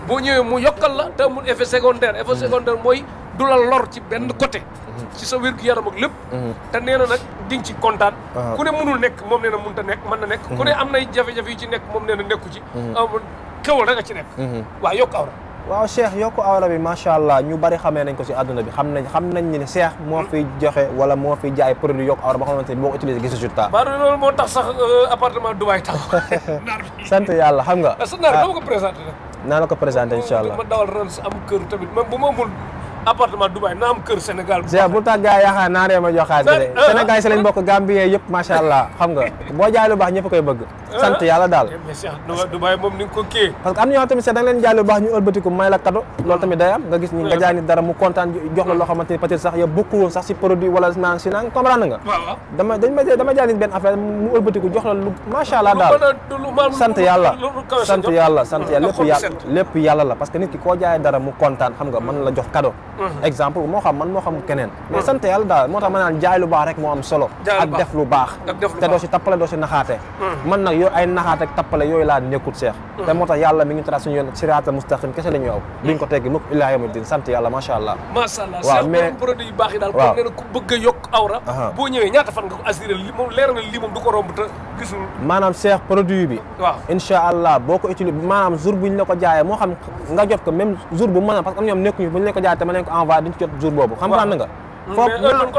boo ñëwee mu yokkal la te amul effet secondaire effet secondaire mooy du la lor ci benn côté. ci sa wér gu yaram ak lépp mhm. te nee na nag diñ ci kontaan ah. ku ne mënul nekk moom nee na mënut a nekk mën na nekk ku ne mhm. am na jafe-jafe yu ci nekk moom nee nekku ci xewal da nga ci nekk mhm. waaw yokk awra waaw cheikh yokku bi macha allah ñu bari xamee nañ ko ci àdduna bi xam nañ xam nañ ne cheikh moo fiy joxe wala moo fiy jaay produit yokku awra ba xamante ni boo ko utilisé gis résultat ba loolu moo tax sax euh, appartement Dubaï tax sant yàlla xam nga ah, sa naar ah. dama ko présenté nag naa la ko présenté incha allah ma dawal ren am kër tamit man bu ma appartement Dubaï na am kër Sénégal. Cheikh bu tax gars yi naa ne ma jox xaalis de. Euh, Sénégal si lañ euh, bokk Gambien yëpp macha allah xam nga boo jaay lu baax ñëpp koy euh, sant yàlla daal. Eh, mais moom ni ko am na ñoo tamit Cheikh da nga leen jaay lu baax ñu ëlbatiku may la cadeau. loolu tamit day am nga gis ñi nga jaay nit dara mu kontaan jox la loo xamante ni peut-être sax yow bokku woon sax jox la lu macha allah daal. yàlla sant yàlla ah, sant lépp yàlla lépp parce que nit ki koo jaay dara mu kontaan xam nga mën la jox cadeau Mhm. exemple moo xam man moo xam keneen. mais mhm. sant yàlla daal moo tax ma naan jaay lu baax rek moo am solo. ak lu baax. te doo tappale doo naxaate. Mhm. man nag yooyu naxaate tappale yooyu laa nekkut seex. te moo tax yàlla mi la ñu aw. duñ ko teggi a seex produit bi. waaw boo ko utilisé maanaam jour buñ la ko moo xam nga jot ko même jour bu mën a parce que am nañ ko envoyé duñ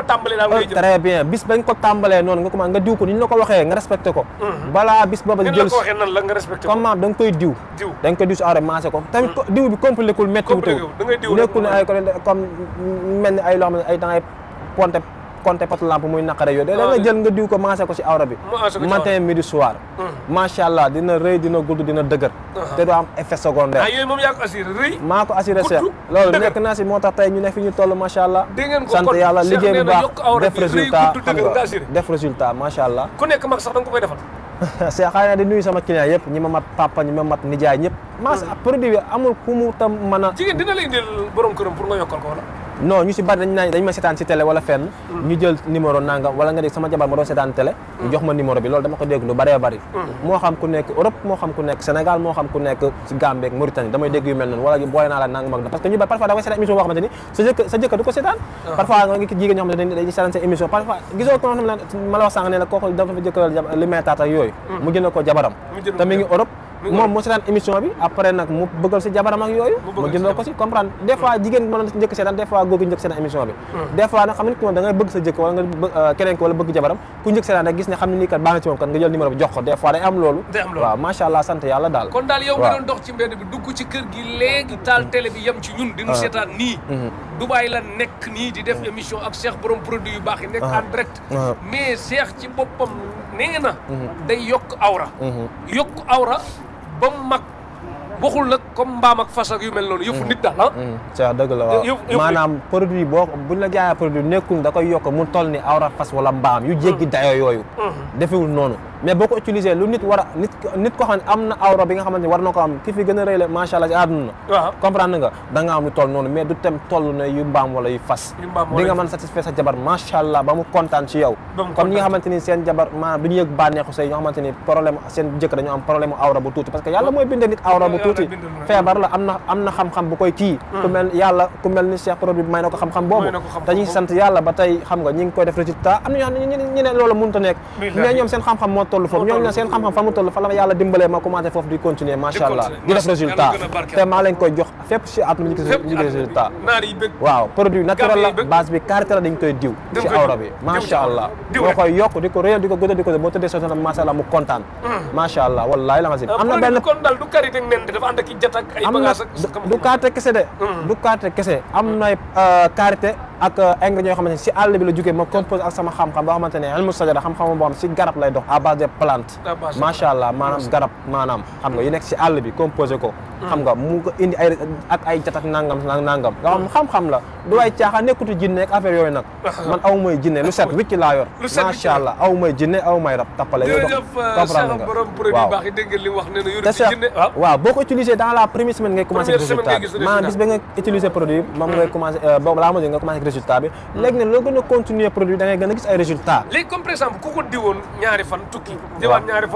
euh, ko tàmbalee noonu nga commencé nga diw ko ni ñu la ko waxee nga respecté ko mm-hmm. balaa bis booba jël comme da nga koy diw da nga diw si awra maase ko tamit mm-hmm. diw bi compliqué wul métti wu nekkul ne comme mel ni ay loo xam ne ponte konte patu lampe muy naqare yooyu. da nga ah, jël nga diw ko maase ko si awra bi. midi soir. Hmm. macha allah dina rëy dina gudd dina dëgër. Uh-huh. te doo am effet secondaire. ah yooyu rëy. maa ko seex loolu nekk naa si moo tax tey ñu ne fi ñu toll macha allah. sant yàlla liggéey bu baax def résultat xam ku nekk mag sax da nga ko koy di nuyu sama client yëpp ñi ma mat papa ñi ma mat nijaay ñëpp. macha hmm. produit amul ku mu tam mën a. jigéen dina la indil borom këram pour nga yokkal ko wala non ñu si bari dañ naan dañ ma seetaan si télé wala fenn mm. ñu jël numéro nangam wala nga dégg sama jabar ma doon seetaan télé ñu mm. jox ma numéro bi loolu dama ko dégg lu bëree bëri mm. moo xam ku nekk Europe moo xam ku nekk Sénégal moo xam ku nekk si Gambie ak Mauritanie damay dégg yu mel noonu wala booy naa la nangam ak parce que ñu bari parfois da ngay seetaan émission parfois gisoo ko ma la wax sànq ne la kooku dafa jëkkëral li may ak yooyu mu jënd ko jabaram te moom moo seetaan émission bi après nag mu bëggal si jabaram yooyu mu jëndal ko si comprendre des fois jigéen mën na njëkk seetaan des fois góor gi seetaan émission bi hmm. des fois nekk nii di def ah. émission ak Cheikh borom produit yu baax yi nekk ah. en direct ah. mais Cheikh ci boppam nee mm-hmm. day yokk awra mm-hmm. yokk awra ba mu comme mbaam ak fas ak yu mel noonu. yëfu mm. nit daal ah. Mm. c'est dëgg la waaw maanaam produit boo buñ la jaayee produit nekkul da koy yokk mu toll ni awra fas wala mbaam yu jéggi mm. dayoo yooyu. defewul noonu. mais boo ko a nit nit ko xam ne am na awra bi nga xamante a rëy ba mu kontaan ci yow comme ñi nga xamante seen jabar maanaam du ñu yëg bànneexu say ñoo xamante problème seen jëkkër dañu am problème awra bu tuuti parce que yàlla mooy binde nit awra bu tuuti feebar la am na xam-xam bu koy kii hmm. ku mel ni cheikh produit may na ko xam-xam boobu dañuy sant yàlla ba tey xam nga ñi ngi koy def résultat am na ñoo xam ne ñu ne loolu mënut a nekk mais ñoom seen xam-xam toll foofu ñooñu na seen xam-xam fa mu toll fa la yàlla dimbalee ma commencé foofu di continuer macha allah produit naturel la bi carité la dañ koy diw si awra bi macha allah mu kontaan mm. macha allah wallahi la nga si euh, am na du carité kese de mm. du carité kese am mm. na carité euh, ak engrais euh, ñoo xamante si àll bi la jógee ma compose ak sama xam-xam boo xamante ne almu sajara xam-xam boo xam si garab lay dox des plantes macha allah maanaam mm. garab maanaam xam nga yu nekk si àll bi composé ko mm. xam nga mu indi ay ay jatak nangam nangam nga xam mm. xam la du ay caaxaan nekkutu jinne ak affaire yooyu nag ah, ah. man aw jinne lu set ah, wicc laa yor macha allah aw jinne aw rab tappale yow uh, comprendre seex waaw boo ko utilisé dans la première semaine ngay commencé euh, résultat bi maanaam bis ba produit moom ngay commencé boobu bi léegi ne loo gën a continuer produit da ngay gën a gis ay diwaan ñaari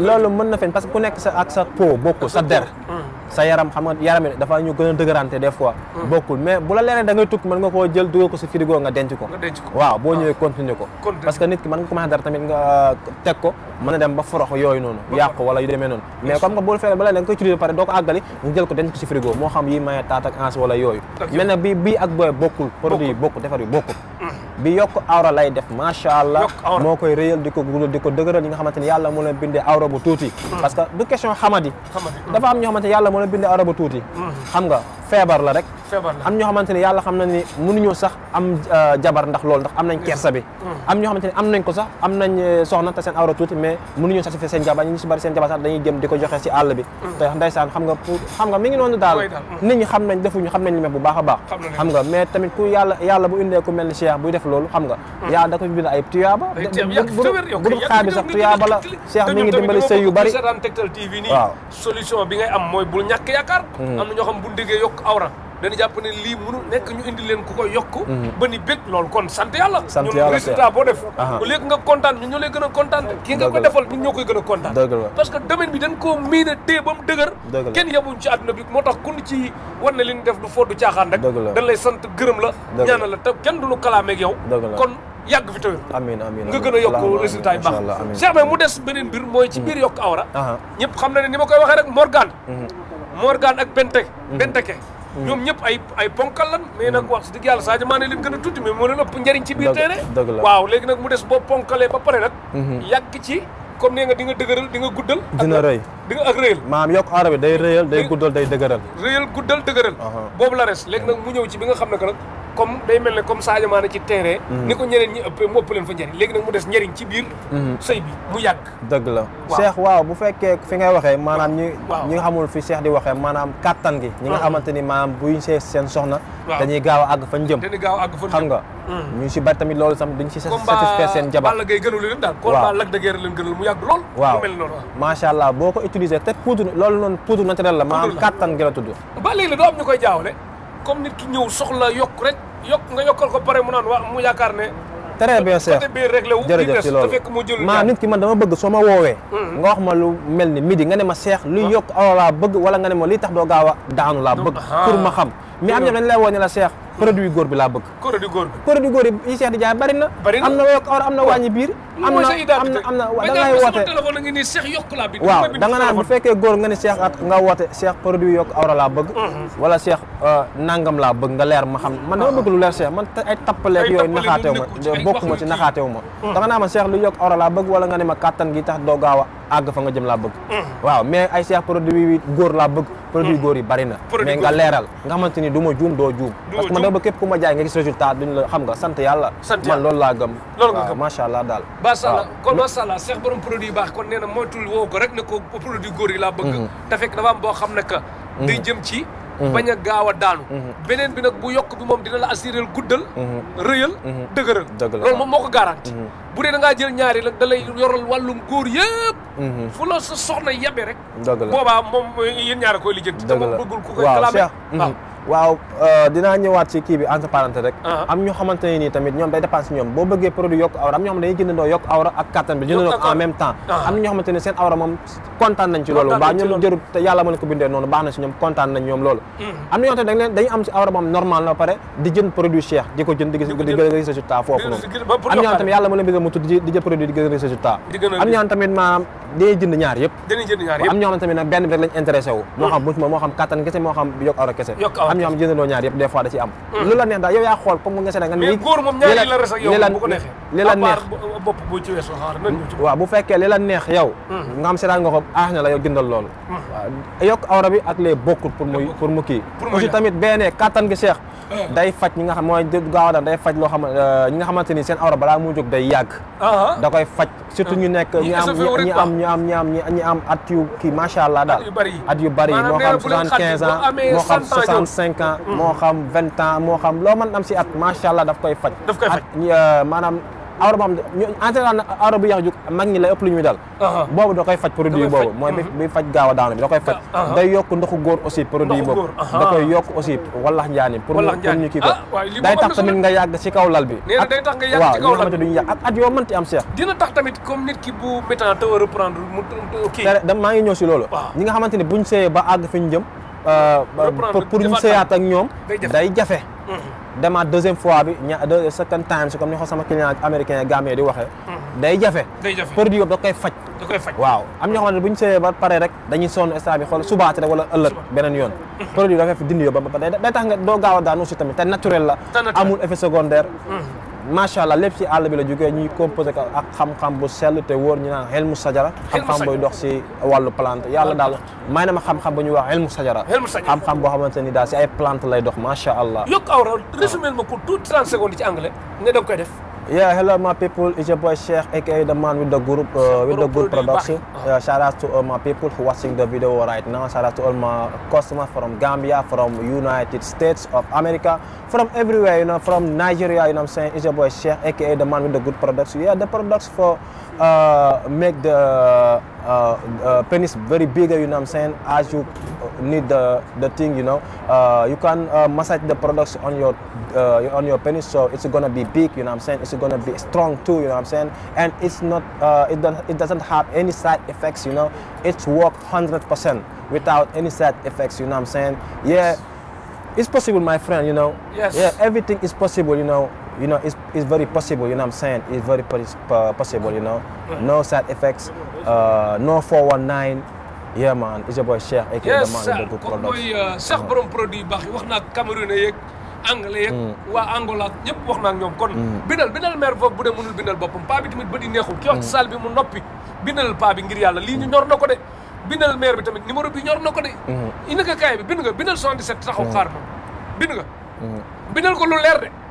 loolu mën na feeñ parce que ku nekk sa ak bokkul sa der hmm. sa yaram xam nga yaram yi dafa ñu gën a dëgërante des fois hmm. bokkul mais bu la leeree da tukki mën nga koo jël dugal ko si frigo nga denc ko waaw boo ah. ñëwee continuer ko parce que nit ki mën nga commencé dara euh, teg ko mën a dem ba forox yooyu noonu yàqu wala yu demee noonu mais comme que bu la fekkee ba la da nga koy utiliser pare doo ko àggali nga jël ko denc ko si frigo moo xam yi maye taat bi yokk awra lay def macha allah moo koy réyal di ko gudal di ko dëgëral ñi nga xamante yàlla moo leen bindee awra bu tuuti hmm. parce que du question xamadi hmm. dafa am ñoo xamante hmm. yàlla xam na ni mënuñoo sax am euh, jabar ndax loolu ndax am nañ kersa bi am ñoo xamante am nañ ko sax am nañ euh, soxna te seen awra tuuti mais mënuñoo satisfaire seen jabar seen jabar sax dañuy jëm di ko joxe si àll bi te ndeysaan xam xam nga mi ngi noonu daal nit ñi xam nañ defuñu xam nañ li a loolu xam nga yaa da ko bind ay tuyaaba bu dul xaabi sax tuyaaba la Cheikh mi ngi dimbali sëy yu bari seetaan Tektal TV nii solution bi ngay am mooy bul ñàkk yaakaar hmm. am na ñoo xam bu ndégee yokk awra dana jàpp ne lii mënu nekk ñu indi leen ku ko yokk mhm. ba ni bég loolu kon sant yàlla ñoom résultat boo def au lieu nga kontaan ñu ñoo lay gën a kontaan kii nga ko defal ñun ñoo koy gën a kontaan parce que a téye ba mu dëgër kenn yabuñ ci àdduna bi moo tax kun ci war na li def du foo du caaxaan rek dañ lay sant gërëm la ñaanal la te kenn du lu kalaameeg yow kon yàgg fi tawér amiin amiin nga gën a yokk résultat yi baax Cheikh mais mu des beneen mbir mooy ci mhm. biir yokk awra ñëpp xam na ne ni ma koy waxee rek Morgan mhm. Morgan ak Benteke Mm. ñoom ñëpp ay ay ponkal lan mais nag mm. wax dëgg yàlla Sadio Mané leen gën a tuuti mais moo leen ëpp ci biir terrain waaw léegi nag mu des boo ponkalee ba pare nag mm-hmm. yàgg ci comme nee nga di nga dëgëral di dina rëy di nga ak rëyal. maam yokk aara bi day rëyal day guddal day dëgëral. rëyal guddal dëgëral. boobu la res léegi nag mu ñëw ci bi nga xam ne que nag comme day mel ne comme Sadio Mané ci terrain. Mhm. ni ko ñeneen ñi ëppee mu ëpp leen fa njëriñ léegi nag mu des njëriñ biir. Mhm. sëy bi mu yàgg. dëgg la Cheikh waaw bu fekkee fi ngay waxee maanaam ñi. ñi nga xamul fi seex di waxee maanaam kattan gi. ñi nga xamante ni maanaam buy see seen soxna. dañuy gaaw a àgg fañ a àgg fañ jëm xam nga. Mhm. ñu si bari tamit loolu tamit duñ si satisfaire seen jabar. yàgg lool. waaw mel allah boo ko utilisé te poudre loolu noonu poudre naturel la maanaam kattan gi la tudd. ba léegi la doo am ñu koy jaawale comme nit ki ñëw soxla yokk rek yokk nga yokkal ko pare mu naan waa mu yaakaar ne. très bien cher jërëjëf ci loolu maa nit ki man dama bëgg soo ma woowee mm-hmm. nga wax ma lu mel ni midi nga ne ma seex luy ah. yokk aw laa bëgg wala nga ne ma liy tax doo gaaw a daanu laa ah. bëgg pour ma xam mais am ñoom dañ lay woo la seex produit góor am na am na waaw da ngay woote waaw da nga naan bu fekkee góor nga ne seex at nga woote seex produit yokk awra laa bëgg. Mhm. wala Cheikh euh, nangam laa bëgg nga leer ma xam man dama ah. bëgg lu leer Cheikh man ay tappaleeg yooyu naxaatew ma bokk ma ci naxaatew ma. Mhm. da naa naan ma Cheikh lu yokk awra laa bëgg wala nga ne ma kattan gi tax doo gaaw a àgg fa nga jëm laa bëgg. Mhm. waaw mais ay Cheikh produit yi góor laa bëgg. produit góor yi bari na. mais nga leeral nga xamante ni du ma juum doo juum. parce que man dama ma jaay nga gis résultat xam nga sant yàlla. man loolu laa gëm. loolu nga daal macha allah kon macha allah Cheikh borom produit yu baax kon nee moo moytul woo ko rek ne ko produit góor yi laa bëgg mhm. te fekk dafa am boo xam ne que mhm. day jëm ci mhm. bañ a gaaw a daanu beneen bi nag bu yokk bi moom dina la assuréel guddal rëyal dëgëral loolu moom moo ko garanti bu dee ngaa jël ñaari la da lay yoral wàllum góor yëpp fu la sa soxna yabe rek boobaa moom yéen ñaar koy lijjanti te moom bëggul ku koy kalaame waaw euh, dinaa ñëwaat ci kii bi entre parenthèse rek ah. am ñoo xamante nii tamit ñoom day dépendre si ñoom boo bëggee produit yokk awra am ñoo xam en même temps ah. am na ñoo xamante ne seen awra moom kontaan nañ ci loolu mbaa hmm. tamit yàlla dañuy jënd ñaar yëpp am ñoo xam tamit nag benn bi rek lañ intéressé moo xam kattan kese moo xam yokk awra kese am ñoo xam jëndandoo ñaar yëpp des fois da ci am hmm. lu la neex daal yaa xool comme mu nga seet nga mais góor moom la neex euh, bopp bu fekkee li la neex yow hmm. nga xam seetaan nga ko aax na la hmm. yokk awra ak les bokkut pour mu kii aussi tamit benee kattan gi Cheikh eh. day faj ñi nga xam mooy gaaw a daan day faj loo xam euh, ñi nga xamante ni seen awra balaa mu jóg day yàgg ah. da koy faj surtout eh. ñu nekk ñi am ñi am ñi am ñi am ñi am at yu kii macha allah daal at yu bari moo xam soixante quinze ans moo xam soixante cinq ans moo xam vingt ans moo xam loo mën am si at macha allah daf koy faj daf koy faj euh, maanaam awra boo xam ne en général awra bu yàq jug mag ñi lay ëpp lu ñuy dal uh-huh. boobu da koy faj produit boobu mooy uh-huh. bi faj gaaw a daanu bi da koy faj uh-huh. day yokk ndoxu góor aussi produit boobu da koy yokk aussi wallax njaani pour pour ñu kii ko ah, day tax tamit nga yàgg si kaw lal bi day tax nga yàgg waaw ñoo xamante duñu yàgg ak at yoo mënti am seex dina tax tamit comme nit ki bu métan te war a reprendre mu kii maa ngi ñëw si loolu ñi nga xamante ne buñ seeyee ba àgg fi ñu jëm Euh, pour ñu sëyaat ak ñoom day jafe mm-hmm. demaat deuxième fois bi ña second time si comme ni ko sama a américain gambien di waxee mm-hmm. day jafe produit yooyu da koy faj da koy faj waaw am ñoo xamante ne bu ñu sëyee ba pare rek dañuy sonn instant bi xool subaati rek wala ëllëg beneen yoon mm-hmm. produit dafay fi dindi yóbbu ba day tax nga doo gaaw a daanu aussi tamit te naturel la amul effet secondaire macha allah lépp ci àll bi la jógee ñuy composé ko ak xam-xam bu sell te wóor ñu naan a sajara xam-xam buy dox si wàllu plante yàlla daal may na ma xam-xam bu ñuy wax xelmu sajara xam-xam boo xamante ni daal si ay plant lay dox macha allah yokk aw raw résumé ma ko tout 30 ci anglais da nga koy def Yeah, hello my people. It's your boy Sheikh, aka the man with the group, uh, with the group production. Uh, shout out to all my people who watching the video right now. Shout out to all my customers from Gambia, from United States of America, from everywhere. You know, from Nigeria. You know what I'm saying? It's your boy Sheikh, aka the man with the good products. Yeah, the products for uh, make the uh, uh, penis very bigger, you know what I'm saying, as you uh, need the, the thing, you know. Uh, you can massage the products on your on your penis, so it's gonna be big, you know what I'm saying. It's gonna be strong too, you know what I'm saying. And it's not, it, don't, it doesn't have any side effects, you know. It's work 100% without any side effects, you know what I'm saying. Yeah, it's possible, my friend, you know. Yes. Yeah, everything is possible, you know. you know, it's, it's very possible, you know what I'm saying? It's very possible, you No side effects, uh, no 419. Yeah, man, it's man with the good products. Yes, uh, borom produit baax yi wax naa Cameroun yeeg anglais yeeg mm. waa Angola ñëpp wax naa ak ñoom kon mm. bindal bindal maire foofu bu dee mënul bindal boppam paa bi tamit ba di neexul ki wax ci mm. salle bi mu noppi bi lii ñu ñor ko de bindal maire bi tamit numéro bi ñor na ko de indi nga bi bind nga bindal 77 taxaw xaar ma bind ko lu leer de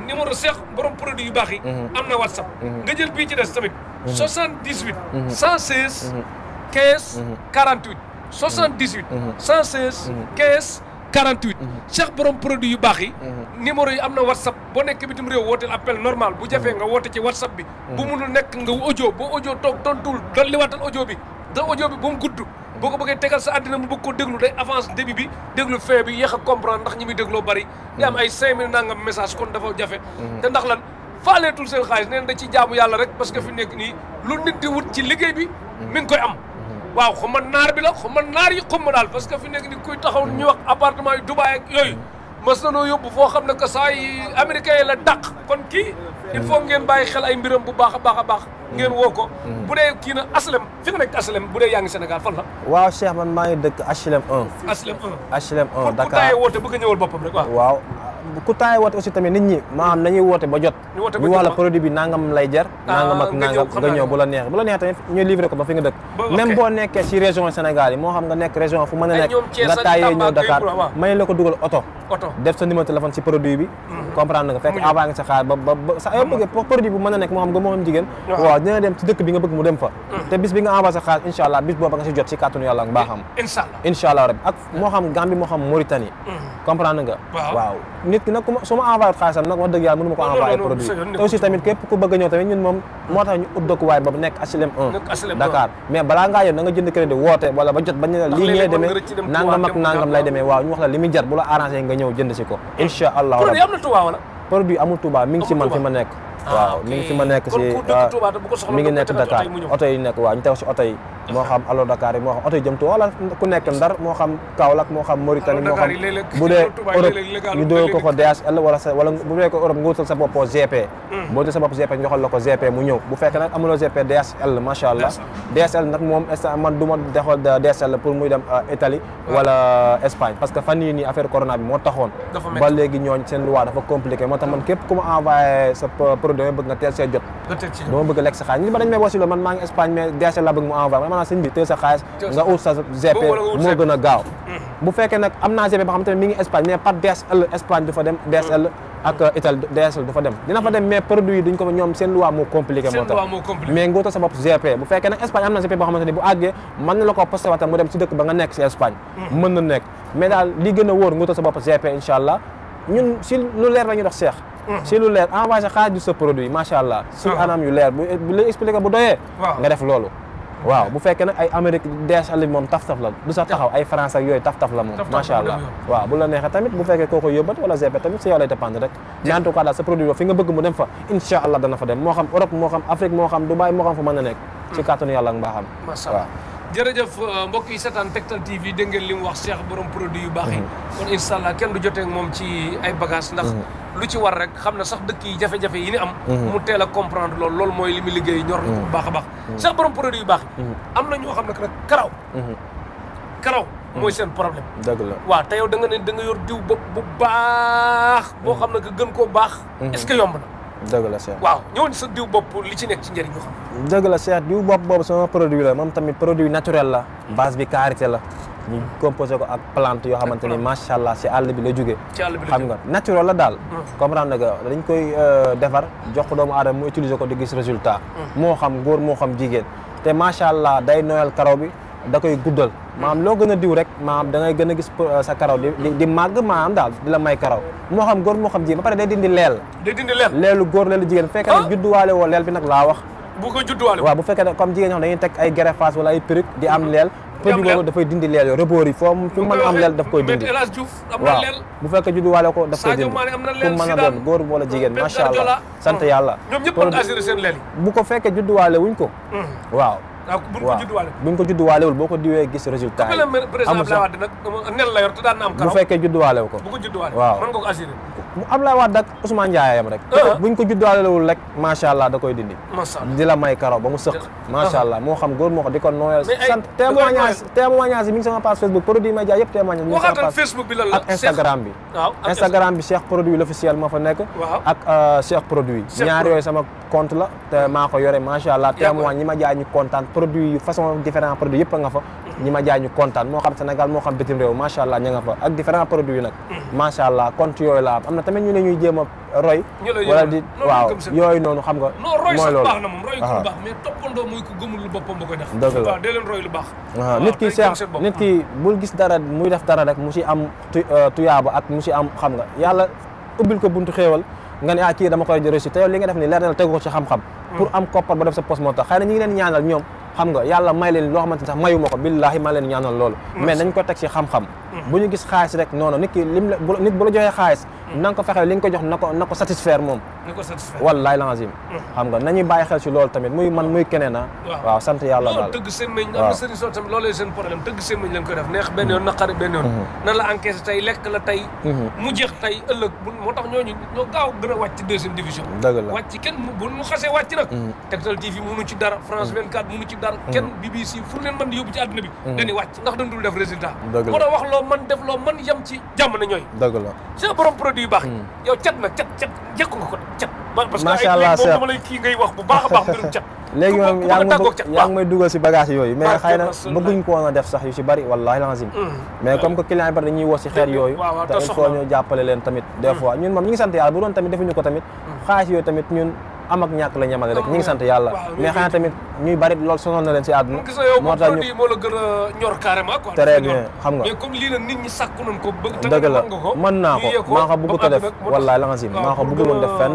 numéro Cheikh borom produit yu baax yi. Mhm. am na WhatsApp. Mhm. nga jël bii ci des tamit. 78. 116. 15. 48. 78. 116. 15. 48 chaque borom produit yu baax yi mhm. numéro yi am na whatsapp boo nekk bitim réew woote appel normal bu jafee nga woote ci whatsapp bi bu munul nekk nga audio boo audio toog tontuwul dolli waatal audio bi da audio bi bu mu gudd boo ko bëggee tegal sa àddina mu bëgg ko déglu day avance début bi déglu fin bi yéex a comprendre ndax ñi muy dégloo bari nga am ay cinq mille nangam message kon dafa jafe mhm. te ndax lan faaleetul seen xaalis neen da ci jaamu yàlla rek parce que fi nekk nii lu nit di wut ci liggéey bi mhm. mi ngi koy am mhm. waaw xuma naar bi la xuma naar yi xuma daal parce que fi nekk nii kuy taxaw ñuy wax appartement yu Dubaay ak yooyu mas na noo yóbbu foo xam ne que saa yi américain yi la dàq kon kii il ngeen bàyyi xel ay mbiram bu baax a baax a baax ngeen woo ko. Mm-hmm. bu dee kii na aslem fi nga nekk aslem bu dee yaa ngi Sénégal fan la. waaw Cheikh man maa ngi dëkk HLM 1. HLM 1 HLM 1 Dakar ku taayee woote a ñëwal aussi tamit nit ñi maanaam nañuy woote ba jot. ba jot ñu wax la produit bi nangam lay jar. Ah, nangam ak nangam nga ñëw bu a may la ko dugal oto. def sa numéro téléphone si produit bi. Mm-hmm. comprendre nga fekk avant sa xaar ba ba sa yow mm-hmm. bëgg produit bu mën a nekk moo xam nga moo xam jigéen waaw dina dem ci dëkk bi nga bëgg mu dem fa hmm. te bis bi nga envoyé sa xaalis incha bis booba nga si jot si kàttanu yàlla baa xam incha allah ak moo xam Gambie moo xam Mauritanie hmm. comprendre nga waaw nit ki nag su ma envoyé wut xaalisam nag yàlla mënu ma ko envoyé produit te a ñëw tamit ñun moom nekk HLM 1 Dakar mais balaa ngaa yow na nga jënd crédit woote ba jot bañ ne la lii ngay demee nangam ak nangam lay demee waaw ñu wax la li jar bu la arrangé nga ñëw jënd si ko hmm. Ah, waaw mi ngi fi ma nekk si mi ngi nekk Dakar oto yi nekk waaw ñu teg si oto yi moo xam allo Dakar yi moo xam oto yi jëm Touba wala ku nekk Ndar moo xam Kaolack moo xam Mauritanie moo xam bu dee Europe ñu dóor sa wala GP hmm. mu ñëw bu fekkee nag amuloo GP DHL macha allah DSL nag moom instant man du ma DSL pour muy dem euh, Italie wala euh, Espagne parce que fan nii affaire corona moo tax man hmm. képp ku ma envoyé sa loolu damay bëgg nga teel see jot dama bëgg lekk sa xaalis ñu ba dañ may wasi loolu man maa ngi Espagne mais DHL laa bëgg mu envoyé ma maanaam sëñ mm. ne mi mm. euh, ko ñoom seen loi mu dem si dëkk ba nga nekk si Espagne mm. mën na nekk mais daal li gën a wóor nga sa bopp GP incha ñun si lu leer la ñu dox seex si lu leer envoyé xaaju sa produit macha allah si anam yu leer bu lay expliqué bu doyee nga def loolu waaw bu fekkee nag ay Amérique DHL bi moom taf-taf la du sax taxaw ay France ak yooyu taf-taf la moom macha allah waaw bu la neexee tamit bu fekkee koo ko yóbbat wala GP tamit si yow lay dépendre rek mais en tout daal sa produit ba fi nga bëgg mu dem fa incha allah dana fa dem moo xam Europe moo xam Afrique moo xam Dubaï moo xam fa jërëjëf euh, mbokk yi seetaan Tektal TV dégg ngeen li mu wax Cheikh borom produit yu baax yi. Mm-hmm. kon kenn du joteeg moom ci ay bagages ndax. Mm-hmm. lu ci war rek xam ne sax dëkk yi jafe-jafe yi ni am. Mm-hmm. mu teel a comprendre loolu loolu mooy li mu liggéey ñor na bu baax a baax. Cheikh borom produit yu baax am na ñoo xam ne nag karaw. karaw mooy seen problème. dëgg la waaw te yow da nga ne da nga yor diw bopp bu baax. boo xam ne que gën koo baax. est-ce que yomb na. dëgg la Cheikh waaw ñëwoon sa diw bopp li ci nekk la Cheikh diw bopp produit la moom tamit produit naturel la. base bi karité la. ñu composé ko ak plante yoo xamante ni macha allah si àll bi la jógee. ci àll bi la xam nga naturel la daal. Hmm. comprendre nga dañ koy euh, defar jox ko doomu aadama mu utiliser ko di gis résultat. Hmm. moo xam góor moo xam jigéen. te macha day noyal karaw bi. da koy guddal maanaam loo gën a diw rek maanaam da ngay gën a gis uh, sa karaw di di màgg maanaam daal di la may karaw moo xam góor moo xam jigéen ba pare day dindi leel day dindi leel leelu góor leelu jigéen ah! bi nag laa wax bu ko judduwaale waaw bu fekkee ne comme jigéen dindi leel yooyu rebord yi foo fu mën a daf koy dindi waaw bu fekkee juddu waale ko daf koy dindi a doon góor wala uh, jigéen macha allah sant uh, yàlla ñoom ñëpp assuré seen leel bu ko fekkee ko waaw waaw bu ñu ko judduwaale bu ñu ko judduwaalewul boo ko diwee gis résultat yi. amul sax nel fekkee judduwaalewu ko waaw mën nga ko assuré. Abdoulaye Wade am rek. Euh. bu ñu ko judduwaalewul rek macha allah da koy dindi. di la may karo ba mu sëq. Euh. macha allah moo xam góor moo xam di ko nooyal. sant témoignage témoignage mi ngi sama page Facebook produit média yëpp témoignage. mi ngi sama page Facebook ak Instagram bi. Instagram bi Cheikh produit l'officiel moo fa nekk. ak euh, Cheikh produit. ñaar yooyu sama compte la te maa allah témoignage ma jaay ñu kontaan produit façon différents produits yëpp nga fa ñi ma jaay ñu kontaan moo xam Sénégal moo xam bitim réew macha allah ña nga fa ak différents produits nag mhm. macha allah compte yooyu la am am na tamit ñu ne ñuy jéem a roy wala di waaw yooyu noonu xam nga non roy sax baax na moom roy ku baax mais toppandoo la dee leen roy lu baax waaw nit ki seex gis dara muy def dara rek mu si am euh, tuyaaba ak mu si am xam nga yàlla ubbil ko buntu xéewal nga ne ah kii dama koy réussir te yow li nga def ni leer na la tegu ko ci xam-xam hmm. pour am koppar ba def sa poste moo tax xëy na ñu ngi ñaanal ñoom xam nga yàlla may leen loo xamante ne sax mayu ma ko billaahi ma leen ñaanal loolu mais nañ ko teg ci xam-xam bu ñu gis xaalis rek noonu nit ki lim la nit bu la joxee xaalis na nga ko fexe li nga jox na ko na ko satisfaire moom xam nga nañuy xel si loolu tamit muy man muy keneen ah waaw sant yàlla daal tëgg semmiñ na sëriñ soo tamit loolu seen problème tëgg semmiñ lañ koy def neex benn yoon naqari mhm. la encaissé tey lekk la tey mhm. mu jeex tey ëllëg bu moo tax ñooñu ñoo gaaw gën a wàcc division dëgg la wàcc bu mu xasee wàcc nag mhm. Tektal TV mënu ci dara France 24 mënu ci dara ci man def loo man la c'est borom produit yu baax. Hmm. yow cat nag cat cat jekku nga ko cat. macha allah parce que ay a dugal si bagage yooyu mais xëy na bëgguñ ko woon a def sax yu si bari wallahi lazim hmm. mais comme que client yi bari dañuy woo si xeer yooyu te il faut ñu leen tamit des hmm. ñun moom ñu ngi sant yàlla bu doon tamit ko tamit xaalis yooyu tamit ñun am ak ñàkk la ñamale rek ñu ngi sant yàlla mais xanaa tamit ñuy bari lool sonal na leen si aduna moo tax ñu moo la gën a ñor carrément xam nga mais comme ko bëgg dëgg la mën naa ko maa ko bëgg ko def wallaay la nga si maa ko bëgg woon def fenn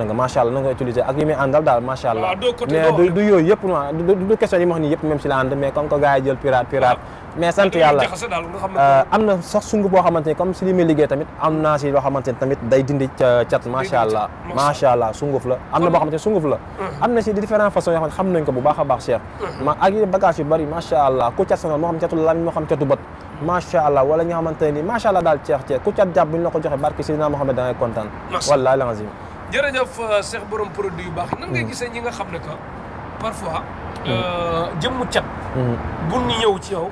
na nga macha allah na nga utiliser ak yi muy àndal daal macha allah ah, mais du yooyu yëpp noa du question yi ma wax nii yëpp si la ànd mais comme que yi jël ah. euh, liggéey tamit am naa si loo tamit day dindi cat macha allah sunguf la am na boo xamante sunguf la uh-huh. am na si différentes façons yoo ko bu baax a baax Cheikh uh-huh. ma ak yi bagage bari macha allah ku cat sonal moo xam catu lami moo xam allah wala ñi nga allah daal ceex jërëjëf euh, Cheikh borom produit yu baax yi. nan ngay mm. ñi nga xam ne que parfois. Mm. Euh, jëmmu cat. Mm. bu ñu ñëw ci yow.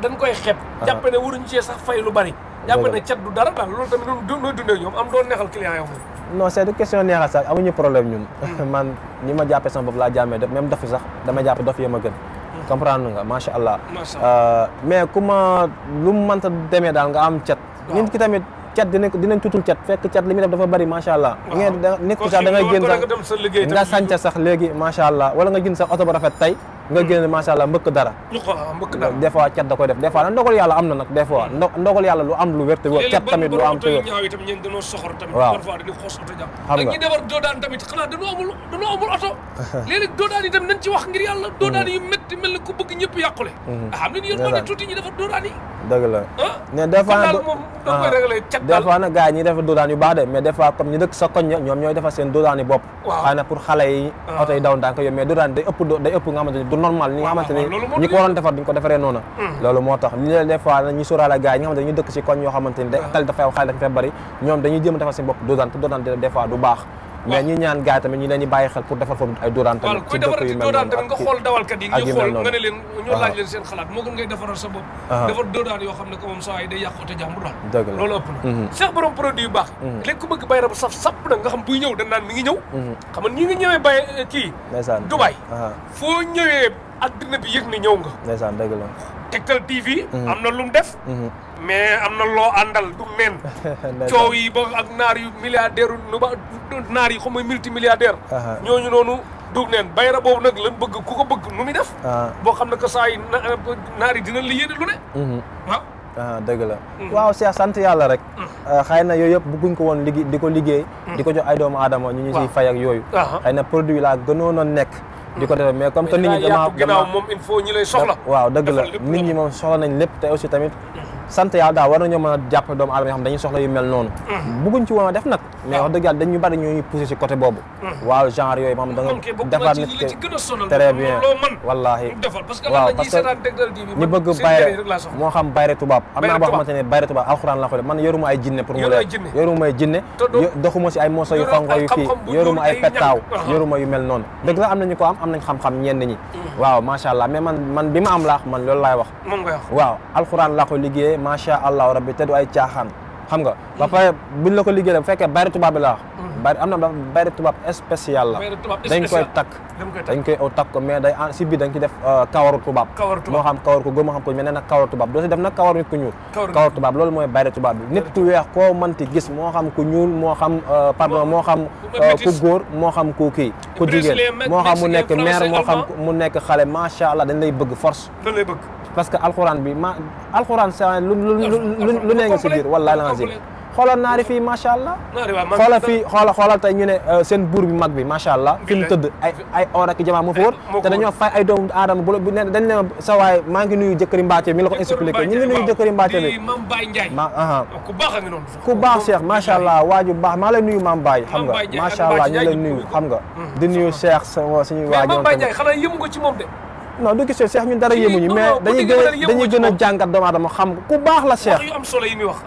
dan koy xeeb. waaw ah. jàpp ne waruñu cee sax fay lu bari. jàpp ne cat du dara daal loolu tamit nooy dundee ñoom am doo neexal client yow. non c' est une question neexal sax amuñu problème ñun. man ni ma jàppe sama bopp laa jàmmee def même dof sax dama jàpp dof yi ma gën. comprendre nga macha allah. Euh, mais ku ma lu mu demee daal nga am cat. nit ki tamit. cat dinañ ko dinañ tutul cat fekk cat li muy def dafa bari macha allah. ngeen da nekk da ngay génn sax nga sànca sax léegi macha allah wala nga génn sax oto bu rafet tey. nga hmm. génn macha allah mbëkk dara. mbëkk dara cat da koy def des fois nag ndogal am na nag des fois hmm. ndogal yàlla lu am lu wér te cat tamit lu am te wér. waaw parfois dañuy tamit xanaa dañoo amul oto. léeg-léeg doodaan yi tam nañ ci wax ngir yàlla. Hmm. doodaan yu métti mel ni ku bëgg ñëpp yàqule. xam nañ yéen moo ne tuuti ñi defar doodaan yi. dëgg la mais ah? des moom da koy ah. cat des fois nag yi ñuy defar doodaan yu baax de mais des comme ñu dëkk sa koñ ñoom ñooy defar seen doodaan yi bopp xëy pour xale ah. yi daw ndànk yooyu mais doodaan day ëpp nga xamante du normal ni nga xamante ko waroon defar duñ ko defaree noonu hmm. loolu moo tax li leen des fois nag ñu sóoraale yi nga xamante ñu dëkk si koñ yoo xamante ni tali ah. dafay xale dafa fee ñoom dañuy jéem defar seen bopp doodaan te doodaan des du baax mais ñi ñaan gars yi tamit ñu leen di bàyyi xel pour defar foofu ay tamit nga xool dawalkat yi nga xool nga ne leen ñu laaj leen seen xalaat moo gën ngay defaral sa defar dóoraan yoo xam ne ko moom saa sax mhm. borom produit baax mhm. léegi ku bëgg bay rab saf sàpp nga xam buy ñëw dañ mi ngi ñëw mhm. xam nga ñi ngi ñëwee bay eh, kii Dubaay foo ñëwee addina bi yëg ni ñëw nga ndeysaan dëgg la Tektal am na lu def mais am na loo àndal du nen. coow yi ba ak naar yu milliardaire nu ba naar yi xam nga multimilliardaire. ñooñu noonu du nen bayra boobu nag la bëgg ku ko bëgg nu muy def. Ah. boo xam ne que saa yi naar yi dina la yéene lu ne. Mhm. Ah. Ah, dëgg la. Mhm. waaw Cheikh sant yàlla rek. Mhm. xëy na yooyu yëpp bëgguñ ko woon liggéey di ko liggéey. di ko jox ay doomu aadama ñu ñu siy fay ak yooyu. xëy na produit laa gënoon nekk. di ko defee mais comme que nit ñi dama dama ginnaaw moom il faut ñi lay soxla. waaw dëgg la nit ñi moom soxla nañ lépp te tamit. sant yàlla daal war nañoo mën a jàppale doomu aadama yoo xam dañuy soxla yu mel noonu mm-hmm. bëgguñ ci woon a def nag mais ah. dañu bari ñooñu poussé ci côté boobu mm-hmm. waaw genre yooyu maanaam da nga defar nit ki ñu bëgg bayre moo xam bayre tubaab am naa boo xamante ne bayre tubaab alxuraan la ko def man yoruma ay jinne pour mu leer yoruma ay jinne doxuma si ay mooso yu xonq yu kii yoruma ay pettaaw yoruma yu mel noonu dëgg la am nañu ko am am nañ xam-xam ñenn ñi mm. waaw macha allah mais man man bi ma am laax man loolu laay wax waaw alxuraan liggéey macha allah rabbi te du ay caaxaan xam nga ba pare buñ la ko liggéey bu fekkee bayre tubaab bi la mm-hmm. am na da tubaab spécial la dañ koy takk dañ koy takk ko mais day si biir dañ ci def euh, kawaru tubaab moo xam kawaru ko góor moo xam ko mais nee na kawaru tubaab doo si def nag kawaru nit ku ñuul kawaru tubaab loolu moo xam ku ñuul moo xam euh, pardon moo xam euh, ku góor moo xam ku kii ku jigéen moo xam mu nekk maire moo xam mu nekk xale macha allah dañ lay bëgg force parce que alxuraan bi ma alxuraan sa lu lu lu nee nga si biir wallaahi laazim xoolal naari fii macha allah xoolal fii xoola xoolal tey ñu ne euh, seen buur bi mag bi macha allah fi mu tëdd ay ay or ak jamaa mu eh, fa wër te dañoo fay ay doomu aadama bu ne dañ ne sa waay maa ngi nuyu jëkkëri mbàcce mi la ko expliqué ñu ngi nuyu jëkkëri mbàcce bi oh, ku baax a ngi noonu ku baax Cheikh macha allah waaju baax maa lay nuyu maam Baye xam nga macha allah ñu lay nuyu xam nga di nuyu Cheikh sa suñuy waajoo ci moom non du question Cheikh ñun dara yéemuñu mais dañuy gën dañuy gën a jàngat doomu aadama xam ku baax la Cheikh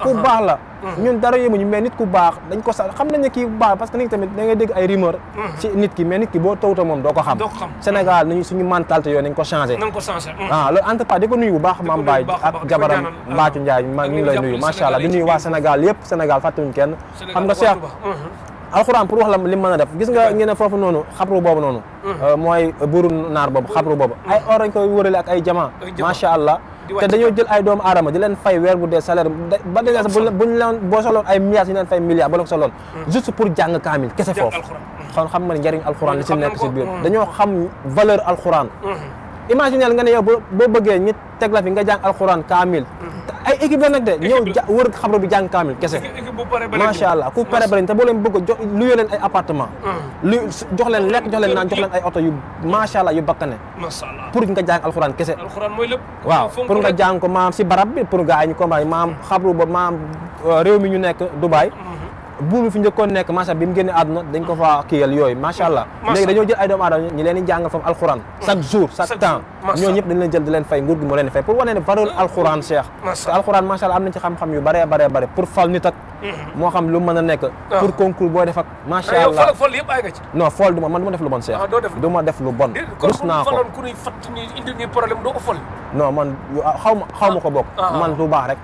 ku baax la hmm. ñun dara yéemuñu mais nit ku baax dañ ko sax xam nañ ne kii baax parce que nit tamit da ngay dégg ay rumeur hmm. ci nit ki mais nit ki boo tawuta moom doo ko xam Sénégal nañu suñu mentalité yooyu nañ ko hmm. ah, ko nuyu bu baax Mame Baye ak jabaram Mbathio Ndiaye ñu ngi lay nuyu macha allah di nuyu waa Sénégal yëpp Sénégal fàttewuñ kenn xam nga Cheikh alxuraan pour wax la li mu def gis nga ngeen ne foofu noonu xabru boobu noonu euh, mooy buuru naar boobu xabru boobu ay or dañ koy wërale ak ay jamaa macha allah te dañoo jël ay doomu aadama di leen fay weer bu dee salaire ba dee buñ leen boo soloon ay milliards ñu leen fay milliards ba la ko soloon juste pour jàng kaamil kese foofu kon xam nga njëriñ alxuraan li si nekk si biir dañoo xam valeur alxuraan imaginel nga ne yow boo bëggee ñi teg la nga jàng alxuraan kaamil équipe la nag de ñëw wër xabru bi jàng kaamil kese macha allah ku pare bëri te boo leen bëgg a jox leen appartement ah. lu jox leen lekk jox leen naan jox leen ay oto yu macha allah yu bakkane pour nga jàng alxuraan kese waaw pour nga jàng ko maam si barab bi pour nga ay ñu ko maam xabru ba maam euh, réew mi ñu nekk Dubaay mm-hmm. buur bi fi njëkkoon nekk macha bi mu génne àdduna dañ ko fa kiyal yooyu macha allah dañoo jël ay doomu aadama ñi leen di jàngal foofu alxuraan mm. chaque jour chaque temps ñoo dañ leen jël di leen fay nguur gi moo leen fay pour mm. xam-xam yu bare bare bare pour fal nit ak mm-hmm. moo xam lu mën a nekk ah. pour concours booy def ak macha allah fol yëpp ay nga ci non fol du ma man du ma def lu bon cheikh ah, du ma def lu bon rus naa ko ku ñuy fatt man xaw ma xaw ma ko bokk ah, man lu baax rek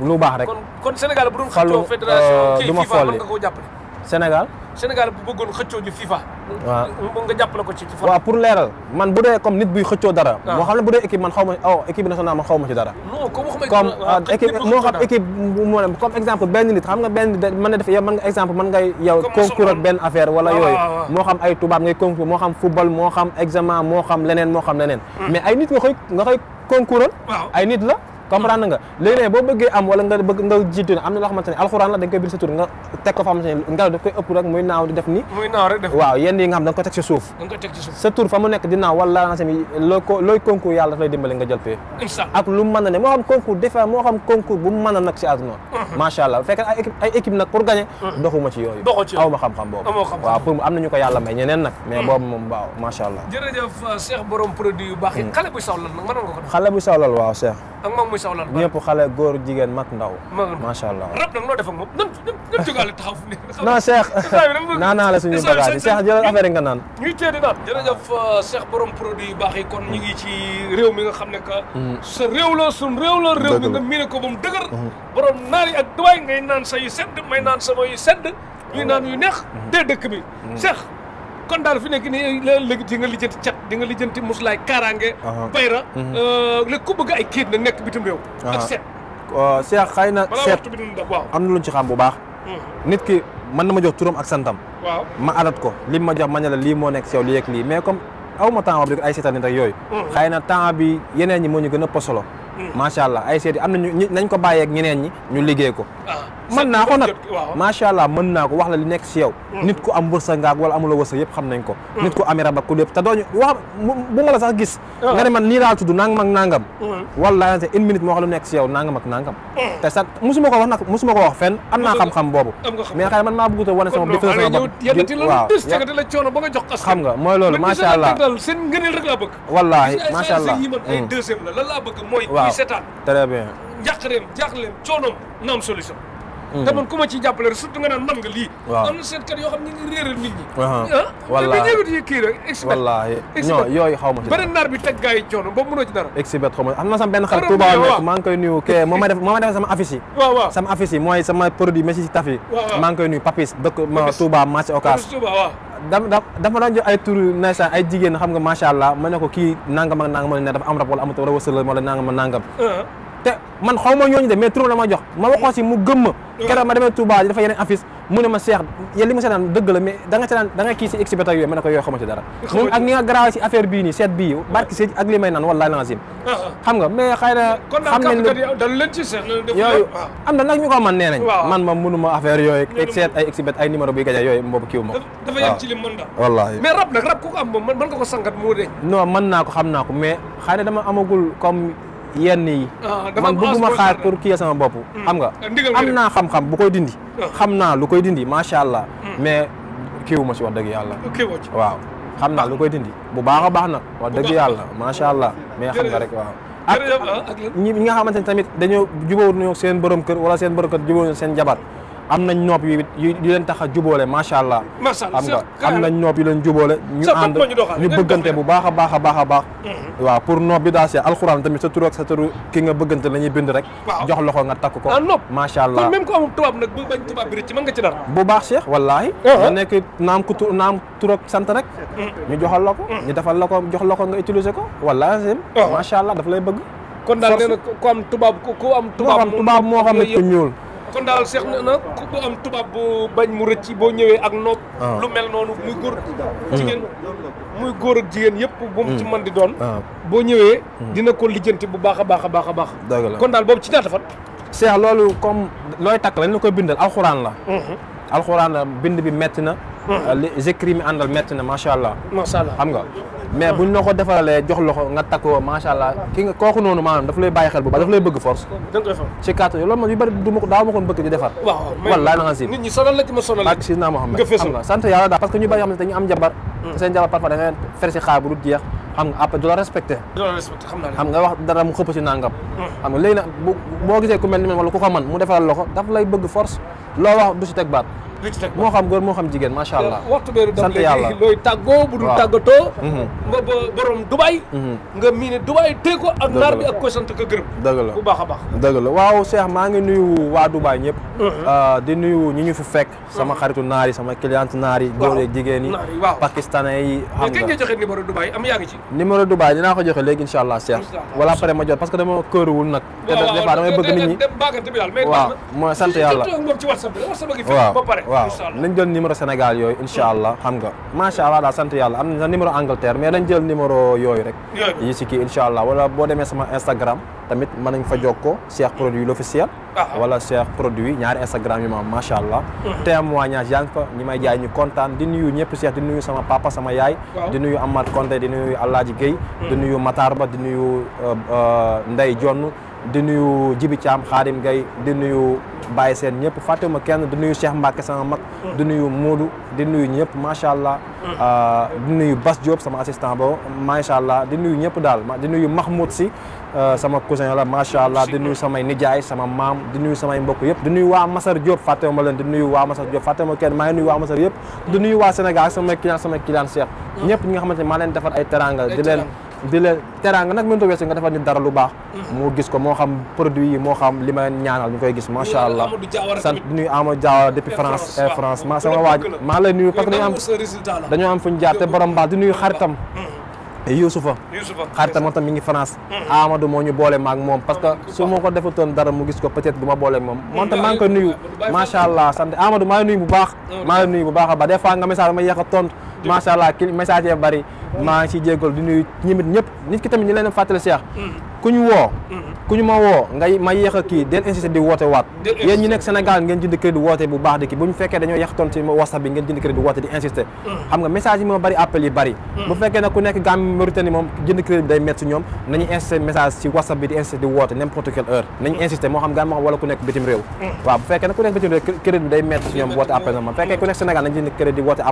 lu baax rek. kon kon Sénégal bu doon xëccoo fédération euh, kii FIFA mën nga koo jàppale. Sénégal. Sénégal bu bëggoon xëccoo ji FIFA. waaw ko ci ci pour leeral man bu dee comme nit buy xëccoo dara. Ah. moo xam ne bu dee équipe man xaw ma oh équipe nationale man xaw ma ci dara. non comme équipe ah, moo xam équipe mu exemple benn nit xam nga benn nit mën na def yow mën nga exemple mën ngay yow benn affaire wala ah, yooyu. moo xam ay tubaab ngay concours moo xam football moo xam examen moo xam leneen moo xam leneen. Hmm. mais ay nit nga koy nga koy concoural ay nit la comprendre nga léegi ne boo bëggee am wala nga bëgg nga ne am na loo xamante ne alxuraan la da nga koy nga teg ko fa xamante ne ngelaw koy ëpp rek muy naaw def ni waaw yenn nga xam da nga ko teg ci suuf nekk di naaw wala lancé mi looy concours yàlla daf lay nga jël ak lu mën na ne moo xam concours des moo xam concours bu mu mën a nag si àdduna uh-huh. macha allah bu ay équipe nag pour gagner uh-huh. doxuma ci yooyu aw ma xam-xam boobu waaw pour muy sawlal ba ñëpp xale góor jigéen mag ndaw. macha allah rab nag loo def ak moom nan nan jógaale taxaw fu ne. non Cheikh naan naa la suñu bagage yi Cheikh jëlal affaire yi naan. ñuy teel di naan. Euh, borom produit yu kon ñu ci réew mi nga xam ne que. Mm. sa réew la sun réew la. réew mi nga miine ko ba mu dëgër. Mm-hmm. borom naar yi ak duwaay ngay naan sa yu sedd may naan sama yu sedd. ñuy mm-hmm. naan yu neex. Mm-hmm. dee dëkk bi Cheikh kon daal fi nekk nii léegi di nga lijjanti cat di nga lijjanti muslaay kaaraange. bayra mhm. euh, léegi ku bëgg ay kayit nag nekk bitim réew. ak seet. Cheikh xëy na seet am na lu ñu ci xam bu baax. Mhm. nit ki mën na ma jox turam ak santam. waaw ma adat ko lim ma jox ma ne la lii moo nekk si yow lii ak lii mais comme aw ma temps bi ay seetaan nit ak yooyu. Mhm. xëy na temps bi yeneen ñi moo ñu gën a posolo macha allah ay seeti am na ñu nañ ko bàyyeeg ñeneen ñi ñu liggéey ko. mën naa ko nag macha allah mën naa ko wax la li nekk si yow. nit ku am wërsëg ngaak wala amula wërsëg yëpp xam nañ ko. nit ku am rab ak ku lépp te bu ma la sax gis. nga ne man nii laa tudd nangam ak nangam. wallaahi te une minute moo wax lu nekk si yow nangam ak nangam. te sax musuma ko wax nag musuma ko xam-xam boobu. mais a xam nga mooy loolu macha allah. seen ngëneel allah ñu ngi seetaan. très bien. njàqareem jaaxleem coonoom na am solution. Mm-hmm. te man ku ciy jàppale rek surtout nga naan man nga lii waaw am na seetkat yoo xam ne ñu ngi nit ñi ah wallaahi kii rek expert wallaahi non yooyu xaw ma ci beneen naar bi teg gars yi coono boobu ci dara expert xaw ma am na sama benn xarit Touba nekk koy nuyu kee moo ma def ma def sama affiche yi waaw waaw sama affiche mooy sama produit messi si taf yi maa ngi koy nuyu papis dëkk ma Touba marché Ocass dafa doon jël ay tur ndeysaan ay jigéen xam nga macha allah ma ne ko kii nangam ak nangam ne dafa am rab wala amatu wala wësal wala nangam ak nangam uh-huh. te man xaw ma ñooñu de mais turam la ma jox ma waxoo si mu gëm ma keroog ma demee Touba dafa yeneen affiche mu ne ma Cheikh yéen li ma seetaan dëgg la mais da nga seetaan ma ne ko yooyu xamante dara moom ak ni nga garaaw si affaire bii nii seet bii barki si ak li may ah, ah. na na nag ko man nee nañ man ma ay exhibit ay numéro bi ma dafa yem ci li mën daal wallaahi mais rab nag rab ku ko am moom mën nga ko sangat moo de non mën naa ko xam naa ko mais xëy na dama amagul comme yenn yi ah, man bëgguma xaar pour kii sama bopp hmm. xam nga ah, am naa xam-xam bu koy dindi ah. xam naa lu koy dindi macha allah hmm. mais kiiwu ma si wax dëgg yàlla waaw xam naa lu koy dindi bu baax a baax nag wax dëgg yàlla macha allah mais xam nga rek waaw ak nga xamante ne tamit dañoo jubóowut ñoo seen borom kër wala seen borom kër jubóowut seen jabar am nañ nopp yu yu leen tax a juboole macha allah. macha allah xam nga am nañ nopp yu leen juboole. ñu ànd ñu bëggante bu baax a baax a baax a baax. Mhm. waaw pour nopp bi daa see alxuraan tamit sa turu sa turu ki nga bëggante la ñuy bind rek. jox loxo nga takk ko. Ah, macha allah kon même ku amul tubaab nga ci dara. bu baax Cheikh wallaahi. Uh-huh. nga nekk naam tu naam tur sant rek. Mm-hmm. ñu joxal la ko. Mm-hmm. ñu defal la ko jox la ko nga utiliser ko wallaahi. Uh-huh. macha allah daf lay bëgg. kon daal nee na ku am tubaab ku am. tubaab moo xam ne ku ñuul kon daal seex na ku bu am tubaab bu bañ mu rëcc boo ñëwee ak nopp ah. lu mel noonu muy góor ak jigéen ah. muy góor ak jigéen yëpp bu mu ci mën mm. di doon ah. boo ñëwee mm. dina ko lijjanti bu baax a baax a baax a baax kon daal boobu ci ñaata fan seex loolu comme looy takk lañ la koy bindal alxuraan la mm-hmm. al la bind bi métti na. Hmm. Euh, li jékki mi àndal métti allah. xam nga mais buñ la ko defaralee jox la ko nga takkoo macha allah ki nga kooku noonu maanaam daf lay bàyyi xel bu baax daf lay bëgg force. ma ko daaw ma ko bëgg di defar. waaw wallaahi na nga si nit ñi sonal la ci ma sonal la. ak Sidna Mohamed xam nga sant yàlla daal parce que ñu bëri dañu am jabar. Hmm. te seen jabar parfois da ngay fer si xaar bu hmm. boo ku mel ni man wala ku ko man mu defaral la ko daf lay bëgg force loo wax du si teg baat moo xam góor moo xam jigéen macha allah waxtu beeru dam léegi looy tàggoo bu dul tàggatoo mhm. nga ba borom Dubaay mhm. nga miine Dubaay tey ko ak naar bi ak ko sant la bu baax a baax dëgg la waaw seex maa ngi nuyu waa Dubaay ñëpp mhm. ah, di nuyu ñu ñu fi fekk sama xaritu naar yi sama cliente naar yi góor yeeg jigéen yi waaw pakistanais yi xam nga kañ nga joxe numéro Dubaay am yaa ngi ci numéro Dubaay dinaa ko joxe léegi incha allah Cheikh wala après ma jot parce que dama këruwul nag te des fois damay bëgg nit ñi waaw mooy sant yàlla waaw nañ jël numéro Sénégal yooyu incha allah xam nga macha allah daal sant yàlla am na numéro Angleterre mais dañ jël numéro yooyu rek yi si kii incha allah wala boo demee sama Instagram tamit mën nañ fa jokkoo Cheikh produit l'officiel wala Cheikh produit ñaari Instagram yi ma am macha allah mhm. témoignage yaa ngi fa ñi may jaay ñu kontaan di nuyu ñëpp Cheikh di nuyu sama papa sama yaay di nuyu Amath Konté di nuyu Alaaji Guèye di mhm. nuyu Matar Ba di nuyu euh, euh, Ndey Jonn di nuyu Jibi Thiam Xaadim Gay di nuyu bàyyi Seen ñëpp fàttewuma kenn di nuyu Cheikh Mbacke sama mag. di nuyu Moodu di nuyu ñëpp macha allah. Euh, di nuyu Bas Diop sama assistant bo macha allah di nuyu ñëpp daal di nuyu Mahmoud si euh, sama cousin la macha allah di nuyu samay nijaay sama maam di nuyu samay mbokk yëpp di nuyu waa Masar Diop fàttewuma leen di nuyu waa Masar Diop fàttewuma kenn maa ngi nuyu waa Masar yëpp di nuyu waa Sénégal samay client samay client Cheikh. ñëpp ñi leen defar ay teranga di leen. di leen teraanga nag mënut a weesu nga defal nit dara lu baax. mu mm-hmm. gis ko moo xam produit yi moo xam li ma ñaanal ñu koy gis macha maa sama waaj maa lay nuyu parce que dañu am dañoo am fu ñu jaar te borom baax di nuyu mm-hmm. mm-hmm. ñu boole maag moom parce que su ma ko defatoon dara mu gis ko peut-être du ma boole moom moom tam maa ngi koy nuyu allah sant Amadou maa nuyu bu baax maa ngi nuyu bu baax a baax des fois nga message ma yàq a tontu macha allah ki message yee bari maa ngi si jégal di nuyu ñimit ñëpp nit ki tamit ñu leen fàttali Cheikh mm-hmm. ku ñu woo mm-hmm. ku ñu ma woo ma yéex kii del insisté di woote waat yéen ñu nekk Sénégal ngeen jënd crédit woote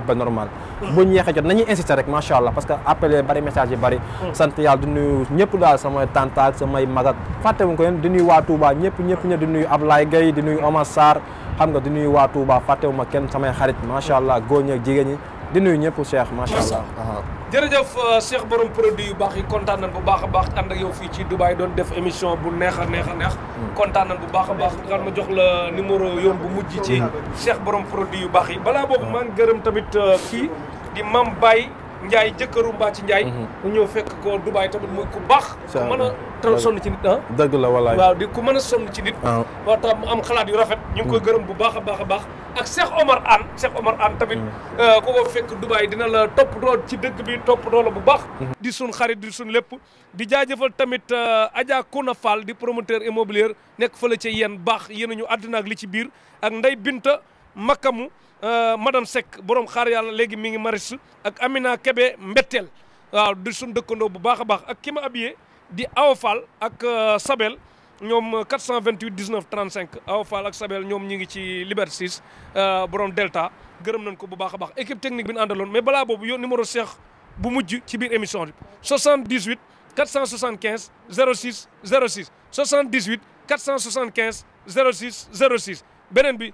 bu normal boo ñu yeexee jot nañuy insister rek macha allah parce que appelé bari message yi bari. Mm. sant yàlla di nuyu ñëpp daal samay tantaak samay magat fàttewuñ ko yéen di nuy waa Touba ñëpp ñëpp ñëpp di nuyu Ablaye Gueye di nuyu Omar Sarr xam nga di nuyu waa Touba fàttewuma kenn samay xarit macha allah góor ñi ak jigéen ñi di nuyu ñëpp Cheikh macha allah. jërëjëf euh, Cheikh borom produit yu baax yi kontaan bu baax a baax ànd ak yow fii ci Dubaay doon def émission bu neex a neex a mm. bu baax baax nga ma jox la numéro bu mujj ci mm. Cheikh borom produit yu yi balaa boobu maa ngi gërëm tamit euh, kii. di mam Baye Ndiaye jëkkëru ci Ndiaye. Mhm. mu ñëw fekk ko Dubaay tamit muy ku baax. ku mën a taw sonn ci nit ah. dëgg la walaay waaw di ku mën a sonn ci nit. waaw ah. moo mu am xalaat yu rafet. ñu ngi koy mm. gërëm bu baax a baax a baax. ak Cheikh Omar Anne Cheikh Omar Anne tamit. Mm. Euh, ku ko fekk Dubaay dina la topp dool ci dëkk bi topp dool la bu baax. Mm-hmm. di sun xarit di sun lépp. di jaajëfal tamit euh, Adja Kouna Fall di promoteur immobilier nekk fële ci yéen baax yéen ñu àddina ak li ci biir ak Ndeye Binta Makamu. Euh, madame Seck borom xaar yàlla léegi mi ngi Maristes ak Amina kebe Mbetteel waaw du suñ dëkkandoo bu baax a baax ak ki ma abiyee di Awa Fall ak euh, Sabel ñoom 428 19 35 Awa Fall ak Sabel ñoom ñi ngi ci Liberté 6 euh, borom Delta gërëm nañ ko bu baax baax équipe technique bi ñu àndaloon mais balaa boobu yow numéro Cheikh bu mujj ci biir émission bi 78 475 06 06 78 475 06 06 beneen bi.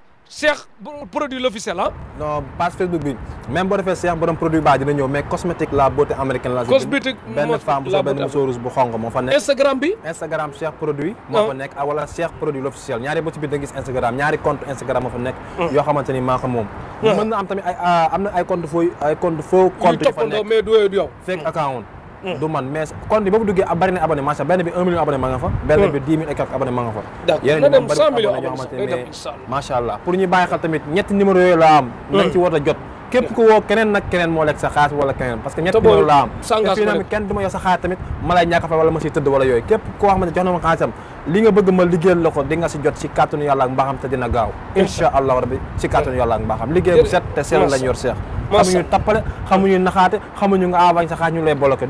Cheikh produit l'officiel ah. non page Facebook bi même boo defee Cheikh borom produit baa dina ñëw mais cosmétique la beauté américaine la. cosmétique moo benn femme bu benn bu xonq moo fa nekk. Instagram bi. Instagram Cheikh produit. moo fa ah. nekk ah, wala Cheikh produit l'officiel ñaari boo ci biir da gis Instagram ñaari compte Instagram moo fa nekk. Ah. yoo xamante ni moom. mën na am tamit ay am na ay compte fooy ay compte faux compte. yu toppandoo account. Mm. du man mais compte bi boobu duggee bari na abonné benn bi 1 million abonné ma nga fa. Mm. benn bi 10 mille et ma nga fa. yeneen ñi moom bari abonné ñoo xamante ne macha allah pour ñu bàyyi xel tamit ñetti numéro yooyu laa am. Mm. nañ ci war a jot. képp ku woo keneen nag keneen moo lekk sa xaalis wala keneen parce que ñett loolu la am fii na kenn du ma yor sa xaalis tamit ma lay ñàkk fa wala ma si tëdd wala yooyu képp koo xamante jox na ma xaalisam li nga bëgg ma liggéeyal la ko di si jot si kàttanu yàlla ak mbaaxam te dina gaaw incha allah rabbi si kàttanu yàlla ak mbaaxam liggéey bu set te sell lañ yor seex xamuñu tappale xamuñu naxaate xamuñu nga avañ sa xaalis ñu lay bloqué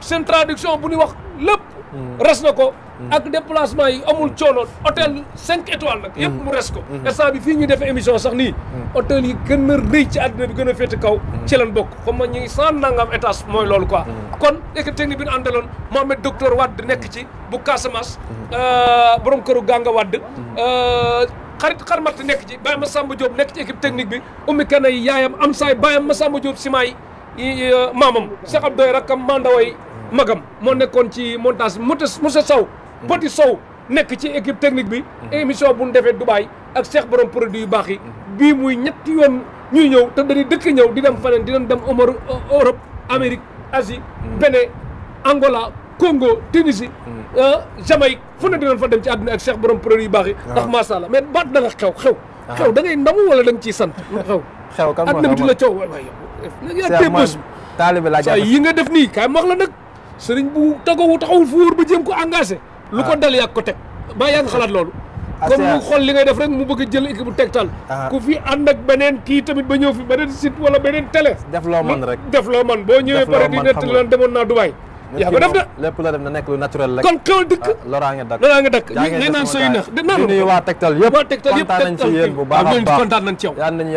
seen tradiction bu ñuy wax lépp. Mm. res na ko. Mm. ak déplacement yi amul coono mm. hôtel cinq étoiles nag. yëpp mu res ko. instant bi fii ñu defee émission sax nii. hôtel yi gën a rëy ci àddina bi gën a féete kaw. ci lañ bokk xam nga ñu ngi cent nangam étage mooy loolu quoi. kon équipe technique bi ñu àndaloon Mohamed docteur Wade nekk ci bu Casamance. Euh, borom këru Ganga Wade. Euh, xarit xarmat nekk ci Baye Massamba Diop nekk ci équipe technique bi ummi kana yi yaayam am saay Baye Massamba Diop yi. maamam Cheikh Abdoulaye rakkam mandaway magam moo nekkoon ci montage Moussa Moussa saw Petit Sow nekk ci equipe technique bi émission bu ñu defee Dubaay ak Cheikh borom produit yu baax yi bii muy ñetti yoon ñuy ñëw te dañuy dëkk ñëw di dem faneen di doon dem Omar Europe Amérique Asie Bénin Angola Congo Tunisie hmm. ah, Jamaïque fu ne dinañ fa dem ci àdduna ak Cheikh borom produit yu baax yi ndax macha allah mais baat da nga xew xew xew da ngay ndamu wala da nga ciy sant xew xew àdduna bi di la coow yàgg bés taalibe laa jàpp yi nga def nii kaay max la nag sëriñ bu tagawu taxawul fu wóor ba jéem ko engagé lu ko ah. dal yàgg ko teg ba yàgg xalaat loolu ah, comme mu xool li nga def rek mu bëgg a jël équipe bu tegtal ah. ku fi ànd ak beneen kii tamit ba ñëw fi beneen site wala beneen télé def loo man rek def loo man boo ñëwee pare di nettali naan demoon naa Dubaay yaa ko def de lépp la na nekk lu naturel rek kon xewal dëkk ah, loraa nga dakk loraa nga dakk ñu naan sooy nax de naan nuyu waa Tektal yëpp waa Tektal yëpp kontaan nañ ci yéen bu baax a baax kontaan nañ ci yow yal nañu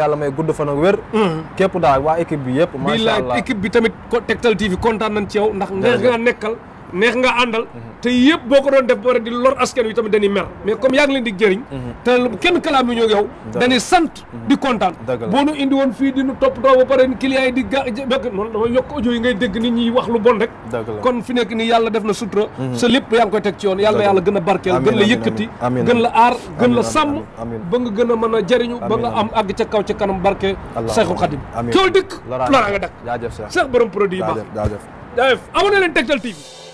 yàlla hmm. ndax nga nekkal neex nga àndal mhm. te yëpp boo ko doon def boo rek di lor askan wi tamit dañuy mer mais comme yaa ngi leen di jëriñ mhm. te kenn kalaam yi ñoo yow dañuy sant mhm. di kontaan boo nu indi woon fii di nu toppatoo ba pare client yi di ga bekk noonu yokk audio ngay dégg nit ñi wax lu bon rek kon fi nekk nii yàlla def na sutura sa lépp yaa ngi koy teg ci yoon yàlla yàlla gën a barkeel gën la yëkkati aar gën la sàmm ba nga gën a mën a jëriñu ba nga am àgg ca kaw ca kanam barke Seexu Xadim kéw dikk loraa nga dak Seex